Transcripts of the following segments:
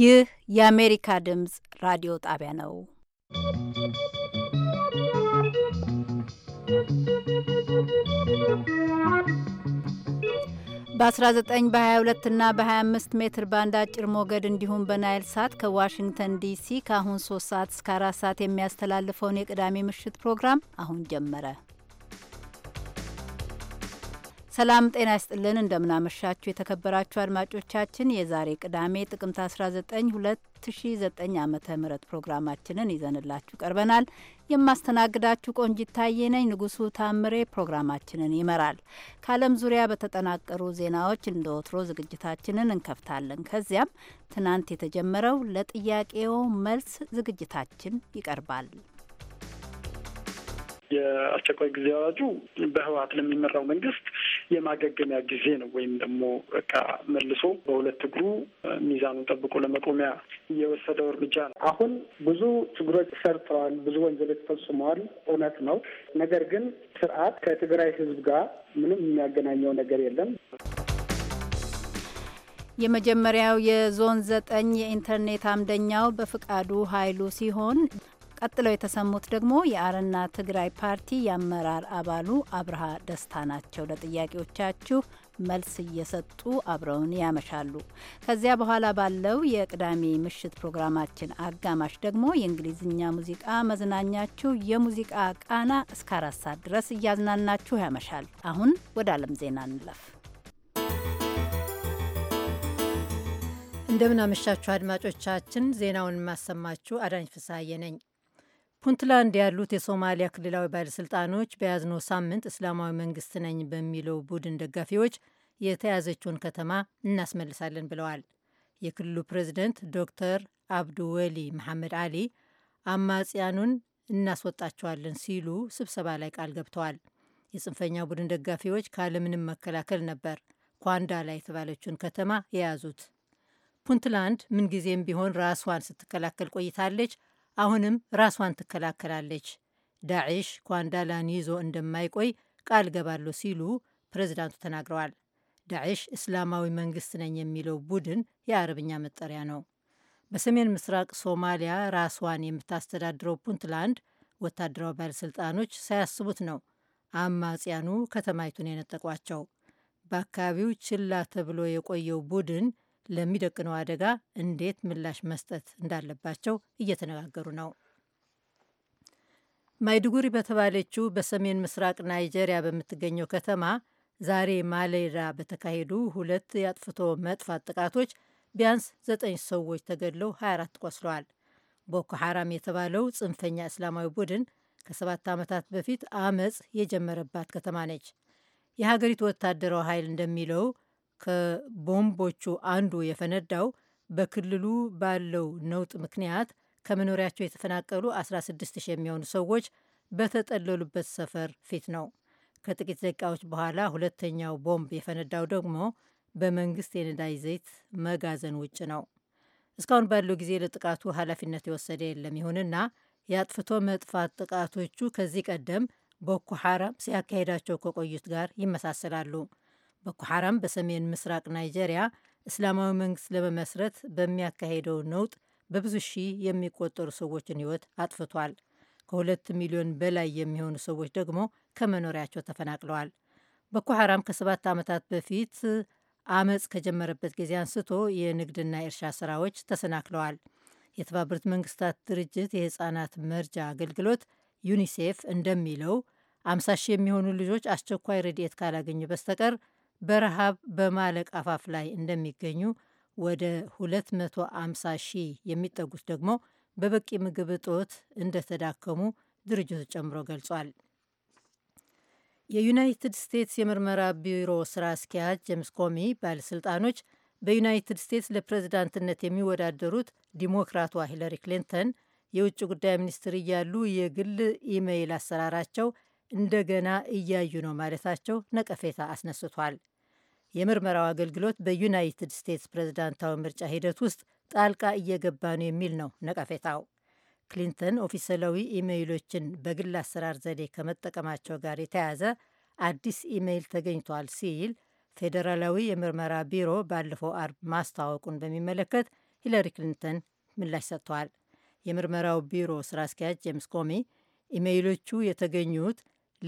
ይህ የአሜሪካ ድምፅ ራዲዮ ጣቢያ ነው። በ19 በ22 እና በ25 ሜትር ባንድ አጭር ሞገድ እንዲሁም በናይል ሳት ከዋሽንግተን ዲሲ ከአሁን 3 ሰዓት እስከ 4 ሰዓት የሚያስተላልፈውን የቅዳሜ ምሽት ፕሮግራም አሁን ጀመረ። ሰላም ጤና ይስጥልን። እንደምናመሻችሁ የተከበራችሁ አድማጮቻችን የዛሬ ቅዳሜ ጥቅምት 19 2009 ዓ ም ፕሮግራማችንን ይዘንላችሁ ቀርበናል። የማስተናግዳችሁ ቆንጂት ታዬ ነኝ። ንጉሱ ታምሬ ፕሮግራማችንን ይመራል። ከዓለም ዙሪያ በተጠናቀሩ ዜናዎች እንደ ወትሮ ዝግጅታችንን እንከፍታለን። ከዚያም ትናንት የተጀመረው ለጥያቄው መልስ ዝግጅታችን ይቀርባል። የአስቸኳይ ጊዜ አዋጁ በህወሀት ለሚመራው መንግስት የማገገሚያ ጊዜ ነው ወይም ደግሞ በቃ መልሶ በሁለት እግሩ ሚዛኑን ጠብቆ ለመቆሚያ የወሰደው እርምጃ ነው። አሁን ብዙ ችግሮች ሰርተዋል፣ ብዙ ወንጀሎች ፈጽመዋል፣ እውነት ነው። ነገር ግን ስርዓት ከትግራይ ህዝብ ጋር ምንም የሚያገናኘው ነገር የለም። የመጀመሪያው የዞን ዘጠኝ የኢንተርኔት አምደኛው በፍቃዱ ኃይሉ ሲሆን ቀጥለው የተሰሙት ደግሞ የአረና ትግራይ ፓርቲ የአመራር አባሉ አብርሃ ደስታ ናቸው። ለጥያቄዎቻችሁ መልስ እየሰጡ አብረውን ያመሻሉ። ከዚያ በኋላ ባለው የቅዳሜ ምሽት ፕሮግራማችን አጋማሽ ደግሞ የእንግሊዝኛ ሙዚቃ መዝናኛችሁ የሙዚቃ ቃና እስከ አራት ሰዓት ድረስ እያዝናናችሁ ያመሻል። አሁን ወደ ዓለም ዜና እንለፍ። እንደምናመሻችሁ አድማጮቻችን፣ ዜናውን የማሰማችሁ አዳኝ ፍሳዬ ነኝ። ፑንትላንድ ያሉት የሶማሊያ ክልላዊ ባለሥልጣኖች በያዝነው ሳምንት እስላማዊ መንግስት ነኝ በሚለው ቡድን ደጋፊዎች የተያዘችውን ከተማ እናስመልሳለን ብለዋል። የክልሉ ፕሬዚደንት ዶክተር አብዱወሊ መሐመድ አሊ አማጽያኑን እናስወጣቸዋለን ሲሉ ስብሰባ ላይ ቃል ገብተዋል። የጽንፈኛ ቡድን ደጋፊዎች ካለምንም መከላከል ነበር ኳንዳ ላይ የተባለችውን ከተማ የያዙት። ፑንትላንድ ምንጊዜም ቢሆን ራስዋን ስትከላከል ቆይታለች። አሁንም ራሷን ትከላከላለች፣ ዳዕሽ ኳንዳላን ይዞ እንደማይቆይ ቃል ገባለሁ ሲሉ ፕሬዚዳንቱ ተናግረዋል። ዳዕሽ እስላማዊ መንግስት ነኝ የሚለው ቡድን የአረብኛ መጠሪያ ነው። በሰሜን ምስራቅ ሶማሊያ ራሷን የምታስተዳድረው ፑንትላንድ ወታደራዊ ባለሥልጣኖች ሳያስቡት ነው አማጽያኑ ከተማይቱን የነጠቋቸው። በአካባቢው ችላ ተብሎ የቆየው ቡድን ለሚደቅነው አደጋ እንዴት ምላሽ መስጠት እንዳለባቸው እየተነጋገሩ ነው። ማይድጉሪ በተባለችው በሰሜን ምስራቅ ናይጄሪያ በምትገኘው ከተማ ዛሬ ማሌዳ በተካሄዱ ሁለት የአጥፍቶ መጥፋት ጥቃቶች ቢያንስ ዘጠኝ ሰዎች ተገድለው 24 ቆስለዋል። ቦኮ ሐራም የተባለው ጽንፈኛ እስላማዊ ቡድን ከሰባት ዓመታት በፊት አመፅ የጀመረባት ከተማ ነች። የሀገሪቱ ወታደራዊ ኃይል እንደሚለው ከቦምቦቹ አንዱ የፈነዳው በክልሉ ባለው ነውጥ ምክንያት ከመኖሪያቸው የተፈናቀሉ 16000 የሚሆኑ ሰዎች በተጠለሉበት ሰፈር ፊት ነው። ከጥቂት ደቂቃዎች በኋላ ሁለተኛው ቦምብ የፈነዳው ደግሞ በመንግስት የነዳጅ ዘይት መጋዘን ውጭ ነው። እስካሁን ባለው ጊዜ ለጥቃቱ ኃላፊነት የወሰደ የለም። ይሁንና የአጥፍቶ መጥፋት ጥቃቶቹ ከዚህ ቀደም ቦኮ ሐራም ሲያካሄዳቸው ከቆዩት ጋር ይመሳሰላሉ። ቦኮ ሐራም በሰሜን ምስራቅ ናይጄሪያ እስላማዊ መንግስት ለመመስረት በሚያካሄደው ነውጥ በብዙ ሺህ የሚቆጠሩ ሰዎችን ሕይወት አጥፍቷል። ከሁለት ሚሊዮን በላይ የሚሆኑ ሰዎች ደግሞ ከመኖሪያቸው ተፈናቅለዋል። ቦኮ ሐራም ከሰባት ዓመታት በፊት አመፅ ከጀመረበት ጊዜ አንስቶ የንግድና የእርሻ ስራዎች ተሰናክለዋል። የተባበሩት መንግስታት ድርጅት የህፃናት መርጃ አገልግሎት ዩኒሴፍ እንደሚለው 50 ሺህ የሚሆኑ ልጆች አስቸኳይ ረድኤት ካላገኙ በስተቀር በረሃብ በማለቅ አፋፍ ላይ እንደሚገኙ፣ ወደ 250 ሺህ የሚጠጉት ደግሞ በበቂ ምግብ እጦት እንደተዳከሙ ድርጅቱ ጨምሮ ገልጿል። የዩናይትድ ስቴትስ የምርመራ ቢሮ ስራ አስኪያጅ ጄምስ ኮሚ ባለሥልጣኖች በዩናይትድ ስቴትስ ለፕሬዝዳንትነት የሚወዳደሩት ዲሞክራቷ ሂለሪ ክሊንተን የውጭ ጉዳይ ሚኒስትር እያሉ የግል ኢሜይል አሰራራቸው እንደገና እያዩ ነው ማለታቸው ነቀፌታ አስነስቷል። የምርመራው አገልግሎት በዩናይትድ ስቴትስ ፕሬዝዳንታዊ ምርጫ ሂደት ውስጥ ጣልቃ እየገባ ነው የሚል ነው ነቀፌታው። ክሊንተን ኦፊሰላዊ ኢሜይሎችን በግል አሰራር ዘዴ ከመጠቀማቸው ጋር የተያያዘ አዲስ ኢሜይል ተገኝቷል ሲል ፌዴራላዊ የምርመራ ቢሮ ባለፈው አርብ ማስታወቁን በሚመለከት ሂለሪ ክሊንተን ምላሽ ሰጥተዋል። የምርመራው ቢሮ ስራ አስኪያጅ ጄምስ ኮሚ ኢሜይሎቹ የተገኙት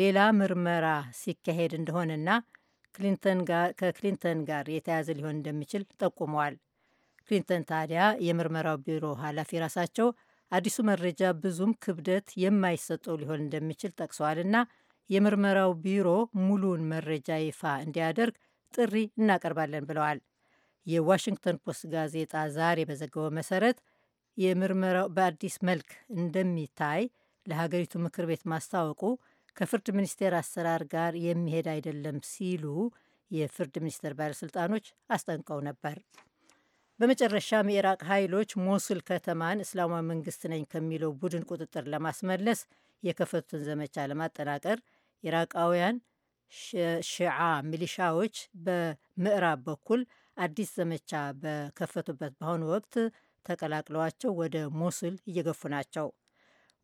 ሌላ ምርመራ ሲካሄድ እንደሆነና ከክሊንተን ጋር የተያያዘ ሊሆን እንደሚችል ጠቁመዋል። ክሊንተን ታዲያ የምርመራው ቢሮ ኃላፊ ራሳቸው አዲሱ መረጃ ብዙም ክብደት የማይሰጠው ሊሆን እንደሚችል ጠቅሰዋልና የምርመራው ቢሮ ሙሉውን መረጃ ይፋ እንዲያደርግ ጥሪ እናቀርባለን ብለዋል። የዋሽንግተን ፖስት ጋዜጣ ዛሬ በዘገበው መሰረት የምርመራው በአዲስ መልክ እንደሚታይ ለሀገሪቱ ምክር ቤት ማስታወቁ ከፍርድ ሚኒስቴር አሰራር ጋር የሚሄድ አይደለም ሲሉ የፍርድ ሚኒስቴር ባለሥልጣኖች አስጠንቀው ነበር። በመጨረሻም የኢራቅ ኃይሎች ሞሱል ከተማን እስላማዊ መንግስት ነኝ ከሚለው ቡድን ቁጥጥር ለማስመለስ የከፈቱትን ዘመቻ ለማጠናቀር ኢራቃውያን ሽዓ ሚሊሻዎች በምዕራብ በኩል አዲስ ዘመቻ በከፈቱበት በአሁኑ ወቅት ተቀላቅለዋቸው ወደ ሞሱል እየገፉ ናቸው።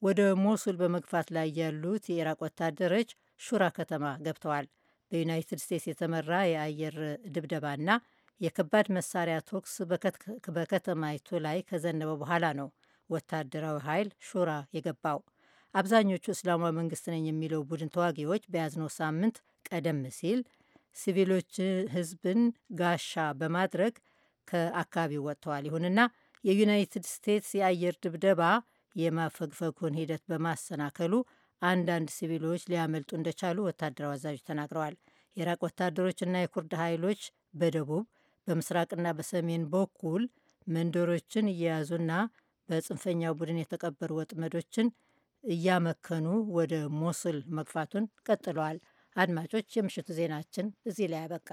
ወደ ሞሱል በመግፋት ላይ ያሉት የኢራቅ ወታደሮች ሹራ ከተማ ገብተዋል። በዩናይትድ ስቴትስ የተመራ የአየር ድብደባና የከባድ መሳሪያ ተኩስ በከተማይቱ ላይ ከዘነበ በኋላ ነው ወታደራዊ ኃይል ሹራ የገባው። አብዛኞቹ እስላማዊ መንግስት ነኝ የሚለው ቡድን ተዋጊዎች በያዝነው ሳምንት ቀደም ሲል ሲቪሎች ህዝብን ጋሻ በማድረግ ከአካባቢው ወጥተዋል። ይሁንና የዩናይትድ ስቴትስ የአየር ድብደባ የማፈግፈጉን ሂደት በማሰናከሉ አንዳንድ ሲቪሎች ሊያመልጡ እንደቻሉ ወታደራዊ አዛዦች ተናግረዋል። የኢራቅ ወታደሮችና የኩርድ ኃይሎች በደቡብ በምስራቅና በሰሜን በኩል መንደሮችን እየያዙና በጽንፈኛው ቡድን የተቀበሩ ወጥመዶችን እያመከኑ ወደ ሞስል መግፋቱን ቀጥለዋል። አድማጮች፣ የምሽቱ ዜናችን እዚህ ላይ ያበቃ።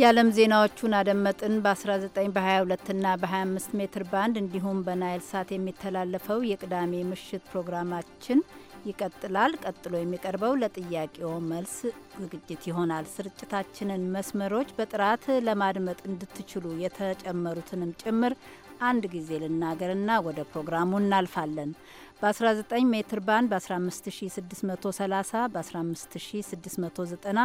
የዓለም ዜናዎቹን አደመጥን። በ19 በ22ና በ25 ሜትር ባንድ እንዲሁም በናይል ሳት የሚተላለፈው የቅዳሜ ምሽት ፕሮግራማችን ይቀጥላል። ቀጥሎ የሚቀርበው ለጥያቄው መልስ ዝግጅት ይሆናል። ስርጭታችንን መስመሮች በጥራት ለማድመጥ እንድትችሉ የተጨመሩትንም ጭምር አንድ ጊዜ ልናገርና ወደ ፕሮግራሙ እናልፋለን። በ19 ሜትር ባንድ በ15630 በ15690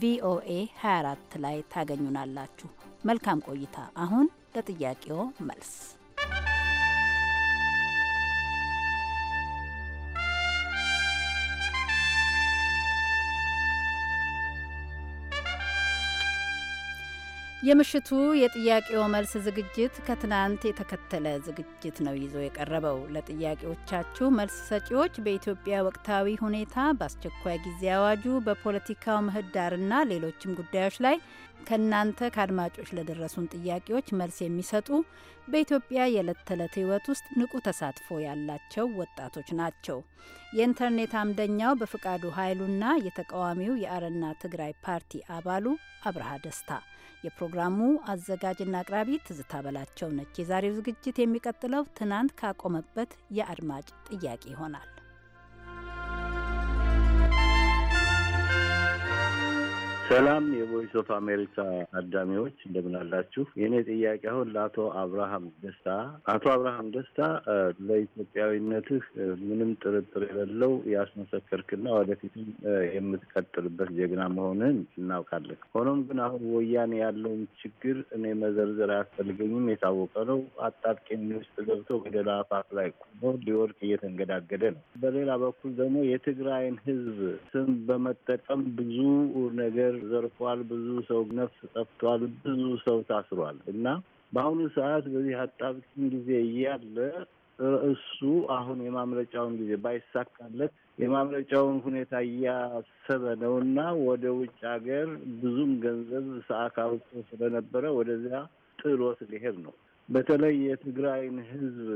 ቪኦኤ 24 ላይ ታገኙናላችሁ። መልካም ቆይታ። አሁን ለጥያቄው መልስ የምሽቱ የጥያቄው መልስ ዝግጅት ከትናንት የተከተለ ዝግጅት ነው ይዞ የቀረበው። ለጥያቄዎቻችሁ መልስ ሰጪዎች በኢትዮጵያ ወቅታዊ ሁኔታ፣ በአስቸኳይ ጊዜ አዋጁ፣ በፖለቲካው ምህዳርና ሌሎችም ጉዳዮች ላይ ከእናንተ ከአድማጮች ለደረሱን ጥያቄዎች መልስ የሚሰጡ በኢትዮጵያ የዕለት ተዕለት ሕይወት ውስጥ ንቁ ተሳትፎ ያላቸው ወጣቶች ናቸው። የኢንተርኔት አምደኛው በፍቃዱ ኃይሉና የተቃዋሚው የአረና ትግራይ ፓርቲ አባሉ አብርሃ ደስታ የፕሮግራሙ አዘጋጅና አቅራቢ ትዝታ በላቸው ነች። የዛሬው ዝግጅት የሚቀጥለው ትናንት ካቆመበት የአድማጭ ጥያቄ ይሆናል። ሰላም የቮይስ ኦፍ አሜሪካ አዳሚዎች እንደምን አላችሁ? የእኔ ጥያቄ አሁን ለአቶ አብርሃም ደስታ፣ አቶ አብርሃም ደስታ ለኢትዮጵያዊነትህ ምንም ጥርጥር የሌለው ያስመሰከርክና ወደፊትም የምትቀጥልበት ጀግና መሆንን እናውቃለን። ሆኖም ግን አሁን ወያኔ ያለውን ችግር እኔ መዘርዘር አያስፈልገኝም፣ የታወቀ ነው። አጣብቂኝ ውስጥ ገብቶ ገደል አፋፍ ላይ ቆሞ ሊወድቅ እየተንገዳገደ ነው። በሌላ በኩል ደግሞ የትግራይን ህዝብ ስም በመጠቀም ብዙ ነገር ዘርፏል፣ ብዙ ሰው ነፍስ ጠፍቷል፣ ብዙ ሰው ታስሯል እና በአሁኑ ሰዓት በዚህ አጣብቂኝ ጊዜ እያለ እሱ አሁን የማምለጫውን ጊዜ ባይሳካለት የማምለጫውን ሁኔታ እያሰበ ነው እና ወደ ውጭ ሀገር ብዙም ገንዘብ ሰአካ ስለነበረ ወደዚያ ጥሎት ሊሄድ ነው። በተለይ የትግራይን ህዝብ።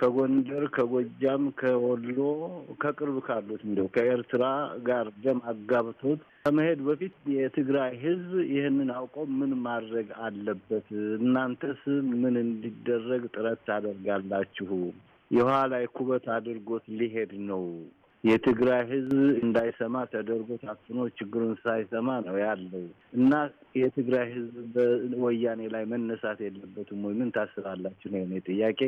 ከጎንደር፣ ከጎጃም፣ ከወሎ ከቅርብ ካሉት እንዲያው ከኤርትራ ጋር ደም አጋብቶት ከመሄድ በፊት የትግራይ ሕዝብ ይህንን አውቆ ምን ማድረግ አለበት? እናንተስ ምን እንዲደረግ ጥረት ታደርጋላችሁ? የውሃ ላይ ኩበት አድርጎት ሊሄድ ነው። የትግራይ ሕዝብ እንዳይሰማ ተደርጎ ታፍኖ ችግሩን ሳይሰማ ነው ያለው እና የትግራይ ሕዝብ በወያኔ ላይ መነሳት የለበትም ወይ? ምን ታስባላችሁ ነው የኔ ጥያቄ።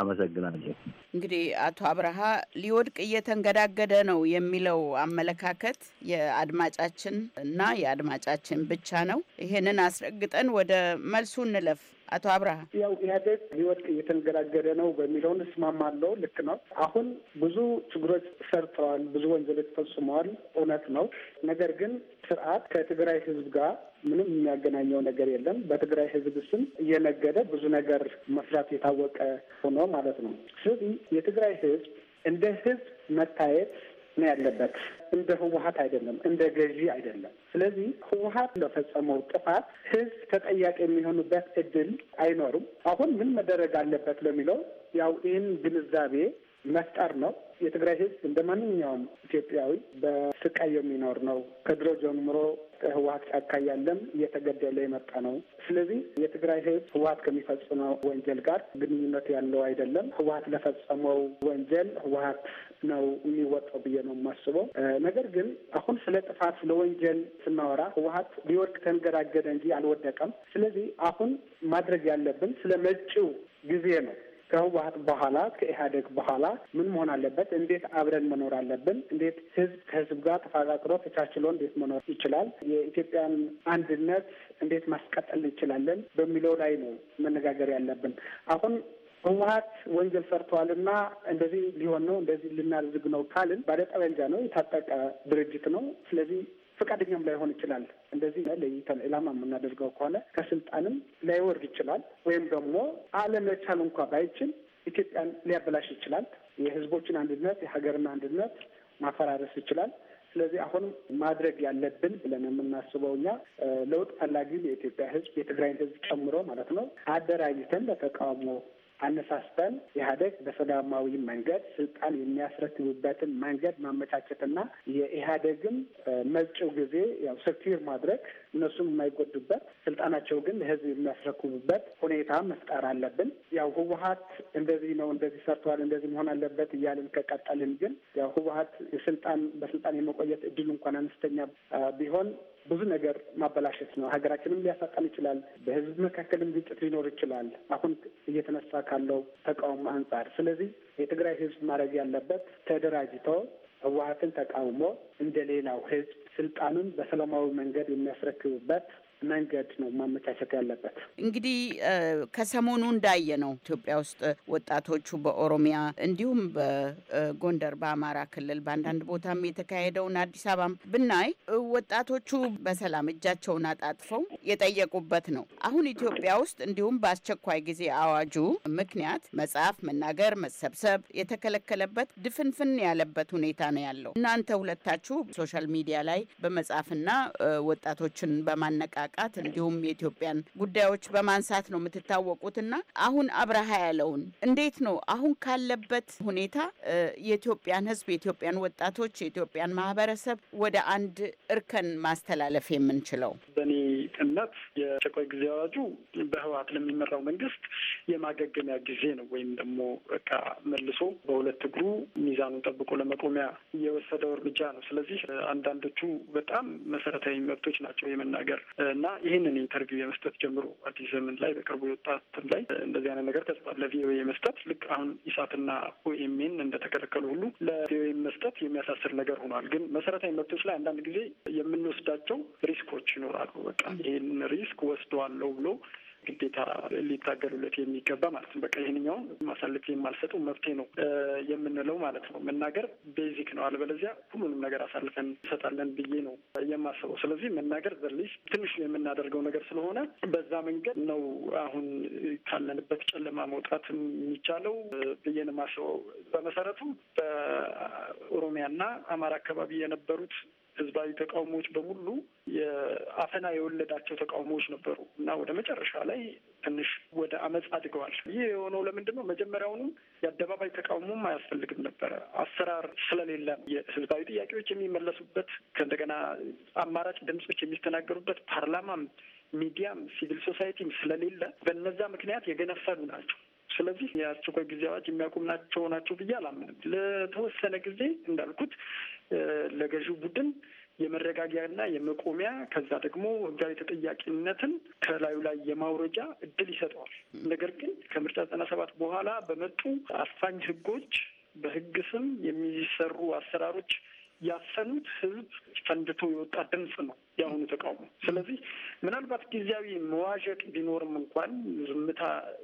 አመሰግናለሁ። እንግዲህ አቶ አብርሃ ሊወድቅ እየተንገዳገደ ነው የሚለው አመለካከት የአድማጫችን እና የአድማጫችን ብቻ ነው። ይሄንን አስረግጠን ወደ መልሱ እንለፍ። አቶ አብርሃ ያው ኢህአዴግ ሊወድቅ እየተንገዳገደ ነው በሚለውን እስማማለሁ። ልክ ነው። አሁን ብዙ ችግሮች ሰርተዋል፣ ብዙ ወንጀሎች ፈጽመዋል። እውነት ነው። ነገር ግን ስርዓት ከትግራይ ህዝብ ጋር ምንም የሚያገናኘው ነገር የለም። በትግራይ ህዝብ ስም እየነገደ ብዙ ነገር መስራት የታወቀ ሆኖ ማለት ነው። ስለዚህ የትግራይ ህዝብ እንደ ህዝብ መታየት ነው ያለበት። እንደ ህወሀት አይደለም፣ እንደ ገዢ አይደለም። ስለዚህ ህወሀት ለፈጸመው ጥፋት ህዝብ ተጠያቂ የሚሆኑበት እድል አይኖሩም። አሁን ምን መደረግ አለበት ለሚለው ያው ይህን ግንዛቤ መፍጠር ነው። የትግራይ ህዝብ እንደ ማንኛውም ኢትዮጵያዊ በስቃይ የሚኖር ነው። ከድሮ ጀምሮ ህወሀት ጫካ ያለም እየተገደለ የመጣ ነው። ስለዚህ የትግራይ ህዝብ ህወሀት ከሚፈጽመው ወንጀል ጋር ግንኙነት ያለው አይደለም። ህወሀት ለፈጸመው ወንጀል ህወሀት ነው የሚወጣው ብዬ ነው የማስበው። ነገር ግን አሁን ስለ ጥፋት ስለ ወንጀል ስናወራ ህወሀት ሊወድቅ ተንገዳገደ እንጂ አልወደቀም። ስለዚህ አሁን ማድረግ ያለብን ስለ መጪው ጊዜ ነው። ከህወሀት በኋላ ከኢህአዴግ በኋላ ምን መሆን አለበት? እንዴት አብረን መኖር አለብን? እንዴት ህዝብ ከህዝብ ጋር ተፈቃቅሮ ተቻችሎ እንዴት መኖር ይችላል? የኢትዮጵያን አንድነት እንዴት ማስቀጠል እንችላለን? በሚለው ላይ ነው መነጋገር ያለብን። አሁን ህወሀት ወንጀል ሰርተዋልና እንደዚህ ሊሆን ነው እንደዚህ ልናዝግ ነው ካልን ባለጠመንጃ ነው፣ የታጠቀ ድርጅት ነው። ስለዚህ ፈቃደኛም ላይሆን ይችላል። እንደዚህ ለይተን ኢላማ የምናደርገው ከሆነ ከስልጣንም ላይወርድ ይችላል። ወይም ደግሞ አለመቻል እንኳ ባይችል ኢትዮጵያን ሊያበላሽ ይችላል። የህዝቦችን አንድነት የሀገርን አንድነት ማፈራረስ ይችላል። ስለዚህ አሁንም ማድረግ ያለብን ብለን የምናስበው እኛ ለውጥ ፈላጊ የኢትዮጵያ ህዝብ የትግራይን ህዝብ ጨምሮ ማለት ነው አደራጅተን ለተቃውሞ አነሳስተን ኢህአዴግ በሰላማዊ መንገድ ስልጣን የሚያስረክብበትን መንገድ ማመቻቸትና የኢህአዴግም መጪው ጊዜ ያው ሰኪር ማድረግ እነሱም የማይጎዱበት ስልጣናቸው ግን ለህዝብ የሚያስረክቡበት ሁኔታ መፍጠር አለብን። ያው ህወሀት እንደዚህ ነው እንደዚህ ሰርተዋል እንደዚህ መሆን አለበት እያልን ከቀጠልን ግን ያው ህወሀት የስልጣን በስልጣን የመቆየት እድሉ እንኳን አነስተኛ ቢሆን ብዙ ነገር ማበላሸት ነው። ሀገራችንም ሊያሳጣን ይችላል። በህዝብ መካከልም ግጭት ሊኖር ይችላል አሁን እየተነሳ ካለው ተቃውሞ አንጻር። ስለዚህ የትግራይ ህዝብ ማድረግ ያለበት ተደራጅቶ ህወሀትን ተቃውሞ እንደ ሌላው ህዝብ ስልጣኑን በሰላማዊ መንገድ የሚያስረክብበት መንገድ ነው ማመቻቸት ያለበት። እንግዲህ ከሰሞኑ እንዳየ ነው ኢትዮጵያ ውስጥ ወጣቶቹ በኦሮሚያ እንዲሁም በጎንደር በአማራ ክልል በአንዳንድ ቦታም የተካሄደውን አዲስ አበባም ብናይ ወጣቶቹ በሰላም እጃቸውን አጣጥፈው የጠየቁበት ነው። አሁን ኢትዮጵያ ውስጥ እንዲሁም በአስቸኳይ ጊዜ አዋጁ ምክንያት መጻፍ፣ መናገር፣ መሰብሰብ የተከለከለበት ድፍንፍን ያለበት ሁኔታ ነው ያለው። እናንተ ሁለታችሁ ሶሻል ሚዲያ ላይ በመጻፍና ወጣቶችን በማነቃ ማነቃቃት እንዲሁም የኢትዮጵያን ጉዳዮች በማንሳት ነው የምትታወቁትና አሁን አብረሃ ያለውን እንዴት ነው አሁን ካለበት ሁኔታ የኢትዮጵያን ሕዝብ የኢትዮጵያን ወጣቶች የኢትዮጵያን ማህበረሰብ ወደ አንድ እርከን ማስተላለፍ የምንችለው? በእኔ እምነት የአስቸኳይ ጊዜ አዋጁ በህወሀት ለሚመራው መንግስት የማገገሚያ ጊዜ ነው ወይም ደግሞ በቃ መልሶ በሁለት እግሩ ሚዛኑን ጠብቆ ለመቆሚያ የወሰደው እርምጃ ነው። ስለዚህ አንዳንዶቹ በጣም መሰረታዊ መብቶች ናቸው የመናገር እና ይህንን ኢንተርቪው የመስጠት ጀምሮ አዲስ ዘመን ላይ በቅርቡ የወጣትን ላይ እንደዚህ አይነት ነገር ተጽፏል። ለቪኦኤ መስጠት ልክ አሁን ኢሳትና ኦኤምኤን እንደተከለከሉ ሁሉ ለቪኦኤ መስጠት የሚያሳስር ነገር ሆኗል። ግን መሰረታዊ መብቶች ላይ አንዳንድ ጊዜ የምንወስዳቸው ሪስኮች ይኖራሉ። በቃ ይህን ሪስክ ወስደዋለሁ ብሎ ግዴታ ሊታገሉለት የሚገባ ማለት ነው። በቃ ይህንኛውን ማሳለፍ የማልሰጠው መብቴ ነው የምንለው ማለት ነው። መናገር ቤዚክ ነው። አልበለዚያ ሁሉንም ነገር አሳልፈን እንሰጣለን ብዬ ነው የማስበው። ስለዚህ መናገር በሊስ ትንሽ የምናደርገው ነገር ስለሆነ በዛ መንገድ ነው አሁን ካለንበት ጨለማ መውጣት የሚቻለው ብዬ ነው የማስበው። በመሰረቱ በኦሮሚያና አማራ አካባቢ የነበሩት ህዝባዊ ተቃውሞዎች በሙሉ የአፈና የወለዳቸው ተቃውሞዎች ነበሩ እና ወደ መጨረሻ ላይ ትንሽ ወደ አመፅ አድገዋል። ይህ የሆነው ለምንድን ነው? መጀመሪያውንም የአደባባይ ተቃውሞም አያስፈልግም ነበረ፣ አሰራር ስለሌለ የህዝባዊ ጥያቄዎች የሚመለሱበት ከእንደገና አማራጭ ድምጾች የሚስተናገሩበት ፓርላማም ሚዲያም ሲቪል ሶሳይቲም ስለሌለ በነዛ ምክንያት የገነፈሉ ናቸው። ስለዚህ የአስቸኳይ ጊዜ አዋጅ የሚያቆምናቸው ናቸው ብዬ አላምንም። ለተወሰነ ጊዜ እንዳልኩት ለገዢው ቡድን የመረጋጊያና የመቆሚያ ከዛ ደግሞ ህጋዊ ተጠያቂነትን ከላዩ ላይ የማውረጃ እድል ይሰጠዋል። ነገር ግን ከምርጫ ዘጠና ሰባት በኋላ በመጡ አፋኝ ህጎች በህግ ስም የሚሰሩ አሰራሮች ያፈኑት ህዝብ ፈንድቶ የወጣ ድምፅ ነው የአሁኑ ተቃውሞ። ስለዚህ ምናልባት ጊዜያዊ መዋዠቅ ቢኖርም እንኳን ዝምታ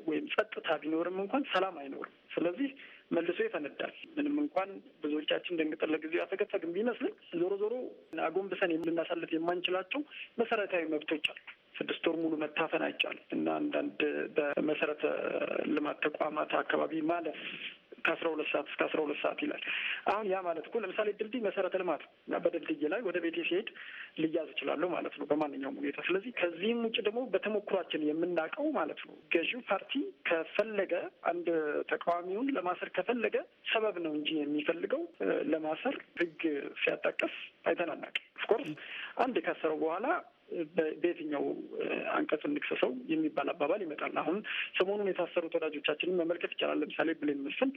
ወይም ጸጥታ ቢኖርም እንኳን ሰላም አይኖርም። ስለዚህ መልሶ ይፈነዳል። ምንም እንኳን ብዙዎቻችን ደንግጠን ለጊዜው ያፈገፈግን ቢመስልም ዞሮ ዞሮ አጎንብሰን የምናሳልፍ የማንችላቸው መሰረታዊ መብቶች አሉ። ስድስት ወር ሙሉ መታፈን አይቻልም እና አንዳንድ በመሰረተ ልማት ተቋማት አካባቢ ማለፍ ከአስራ ሁለት ሰዓት እስከ አስራ ሁለት ሰዓት ይላል። አሁን ያ ማለት እኮ ለምሳሌ ድልድይ መሰረተ ልማት በድልድይ ላይ ወደ ቤቴ ሲሄድ ልያዝ እችላለሁ ማለት ነው በማንኛውም ሁኔታ። ስለዚህ ከዚህም ውጭ ደግሞ በተሞክሯችን የምናውቀው ማለት ነው ገዢው ፓርቲ ከፈለገ አንድ ተቃዋሚውን ለማሰር ከፈለገ ሰበብ ነው እንጂ የሚፈልገው ለማሰር ህግ ሲያጣቅስ አይተናናቅ ኦፍኮርስ አንድ ካሰረው በኋላ በየትኛው አንቀጽ እንክሰሰው የሚባል አባባል ይመጣል። አሁን ሰሞኑን የታሰሩት ወዳጆቻችንን መመልከት ይቻላል። ለምሳሌ ብሌን መስፍን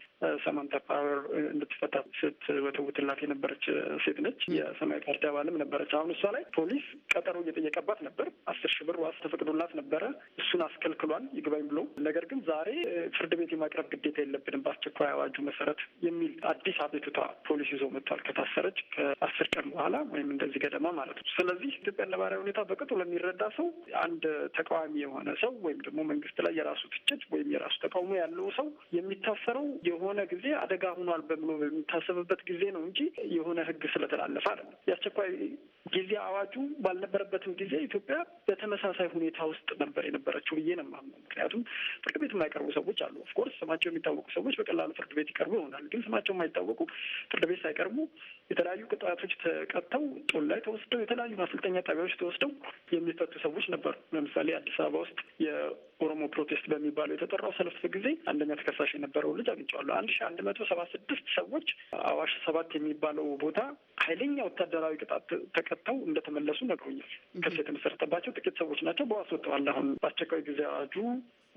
ሰማንታ ፓወር እንድትፈታ ስትወተውትላት የነበረች ሴት ነች። የሰማያዊ ፓርቲ አባልም ነበረች። አሁን እሷ ላይ ፖሊስ ቀጠሮ እየጠየቀባት ነበር። አስር ሺህ ብር ዋስ ተፈቅዶላት ነበረ። እሱን አስከልክሏል ይግባኝ ብሎ። ነገር ግን ዛሬ ፍርድ ቤት የማቅረብ ግዴታ የለብንም በአስቸኳይ አዋጁ መሰረት የሚል አዲስ አቤቱታ ፖሊስ ይዞ መጥቷል። ከታሰረች ከአስር ቀን በኋላ ወይም እንደዚህ ገደማ ማለት ነው። ስለዚህ ኢትዮጵያ ለባሪያ ሁኔታ እውነታ በቅጡ ለሚረዳ ሰው አንድ ተቃዋሚ የሆነ ሰው ወይም ደግሞ መንግስት ላይ የራሱ ትችት ወይም የራሱ ተቃውሞ ያለው ሰው የሚታሰረው የሆነ ጊዜ አደጋ ሆኗል በምሎ በሚታሰብበት ጊዜ ነው እንጂ የሆነ ህግ ስለተላለፈ አይደለም። የአስቸኳይ ጊዜ አዋጁ ባልነበረበትም ጊዜ ኢትዮጵያ በተመሳሳይ ሁኔታ ውስጥ ነበር የነበረችው ብዬ ነው የማምነው። ምክንያቱም ፍርድ ቤት የማይቀርቡ ሰዎች አሉ። ኦፍኮርስ ስማቸው የሚታወቁ ሰዎች በቀላሉ ፍርድ ቤት ይቀርቡ ይሆናል። ግን ስማቸው የማይታወቁ ፍርድ ቤት ሳይቀርቡ የተለያዩ ቅጣቶች ተቀጥተው ጦር ላይ ተወስደው የተለያዩ ማሰልጠኛ ጣቢያዎች ተወስደው የሚፈቱ ሰዎች ነበሩ። ለምሳሌ አዲስ አበባ ውስጥ ኦሮሞ ፕሮቴስት በሚባለው የተጠራው ሰልፍ ጊዜ አንደኛ ተከሳሽ የነበረው ልጅ አግኝቼዋለሁ። አንድ ሺ አንድ መቶ ሰባ ስድስት ሰዎች አዋሽ ሰባት የሚባለው ቦታ ኃይለኛ ወታደራዊ ቅጣት ተቀጥተው እንደተመለሱ ነግሮኛል። ክስ የተመሰረተባቸው ጥቂት ሰዎች ናቸው። በዋስ ወጥተዋል። አሁን በአስቸኳይ ጊዜ አዋጁ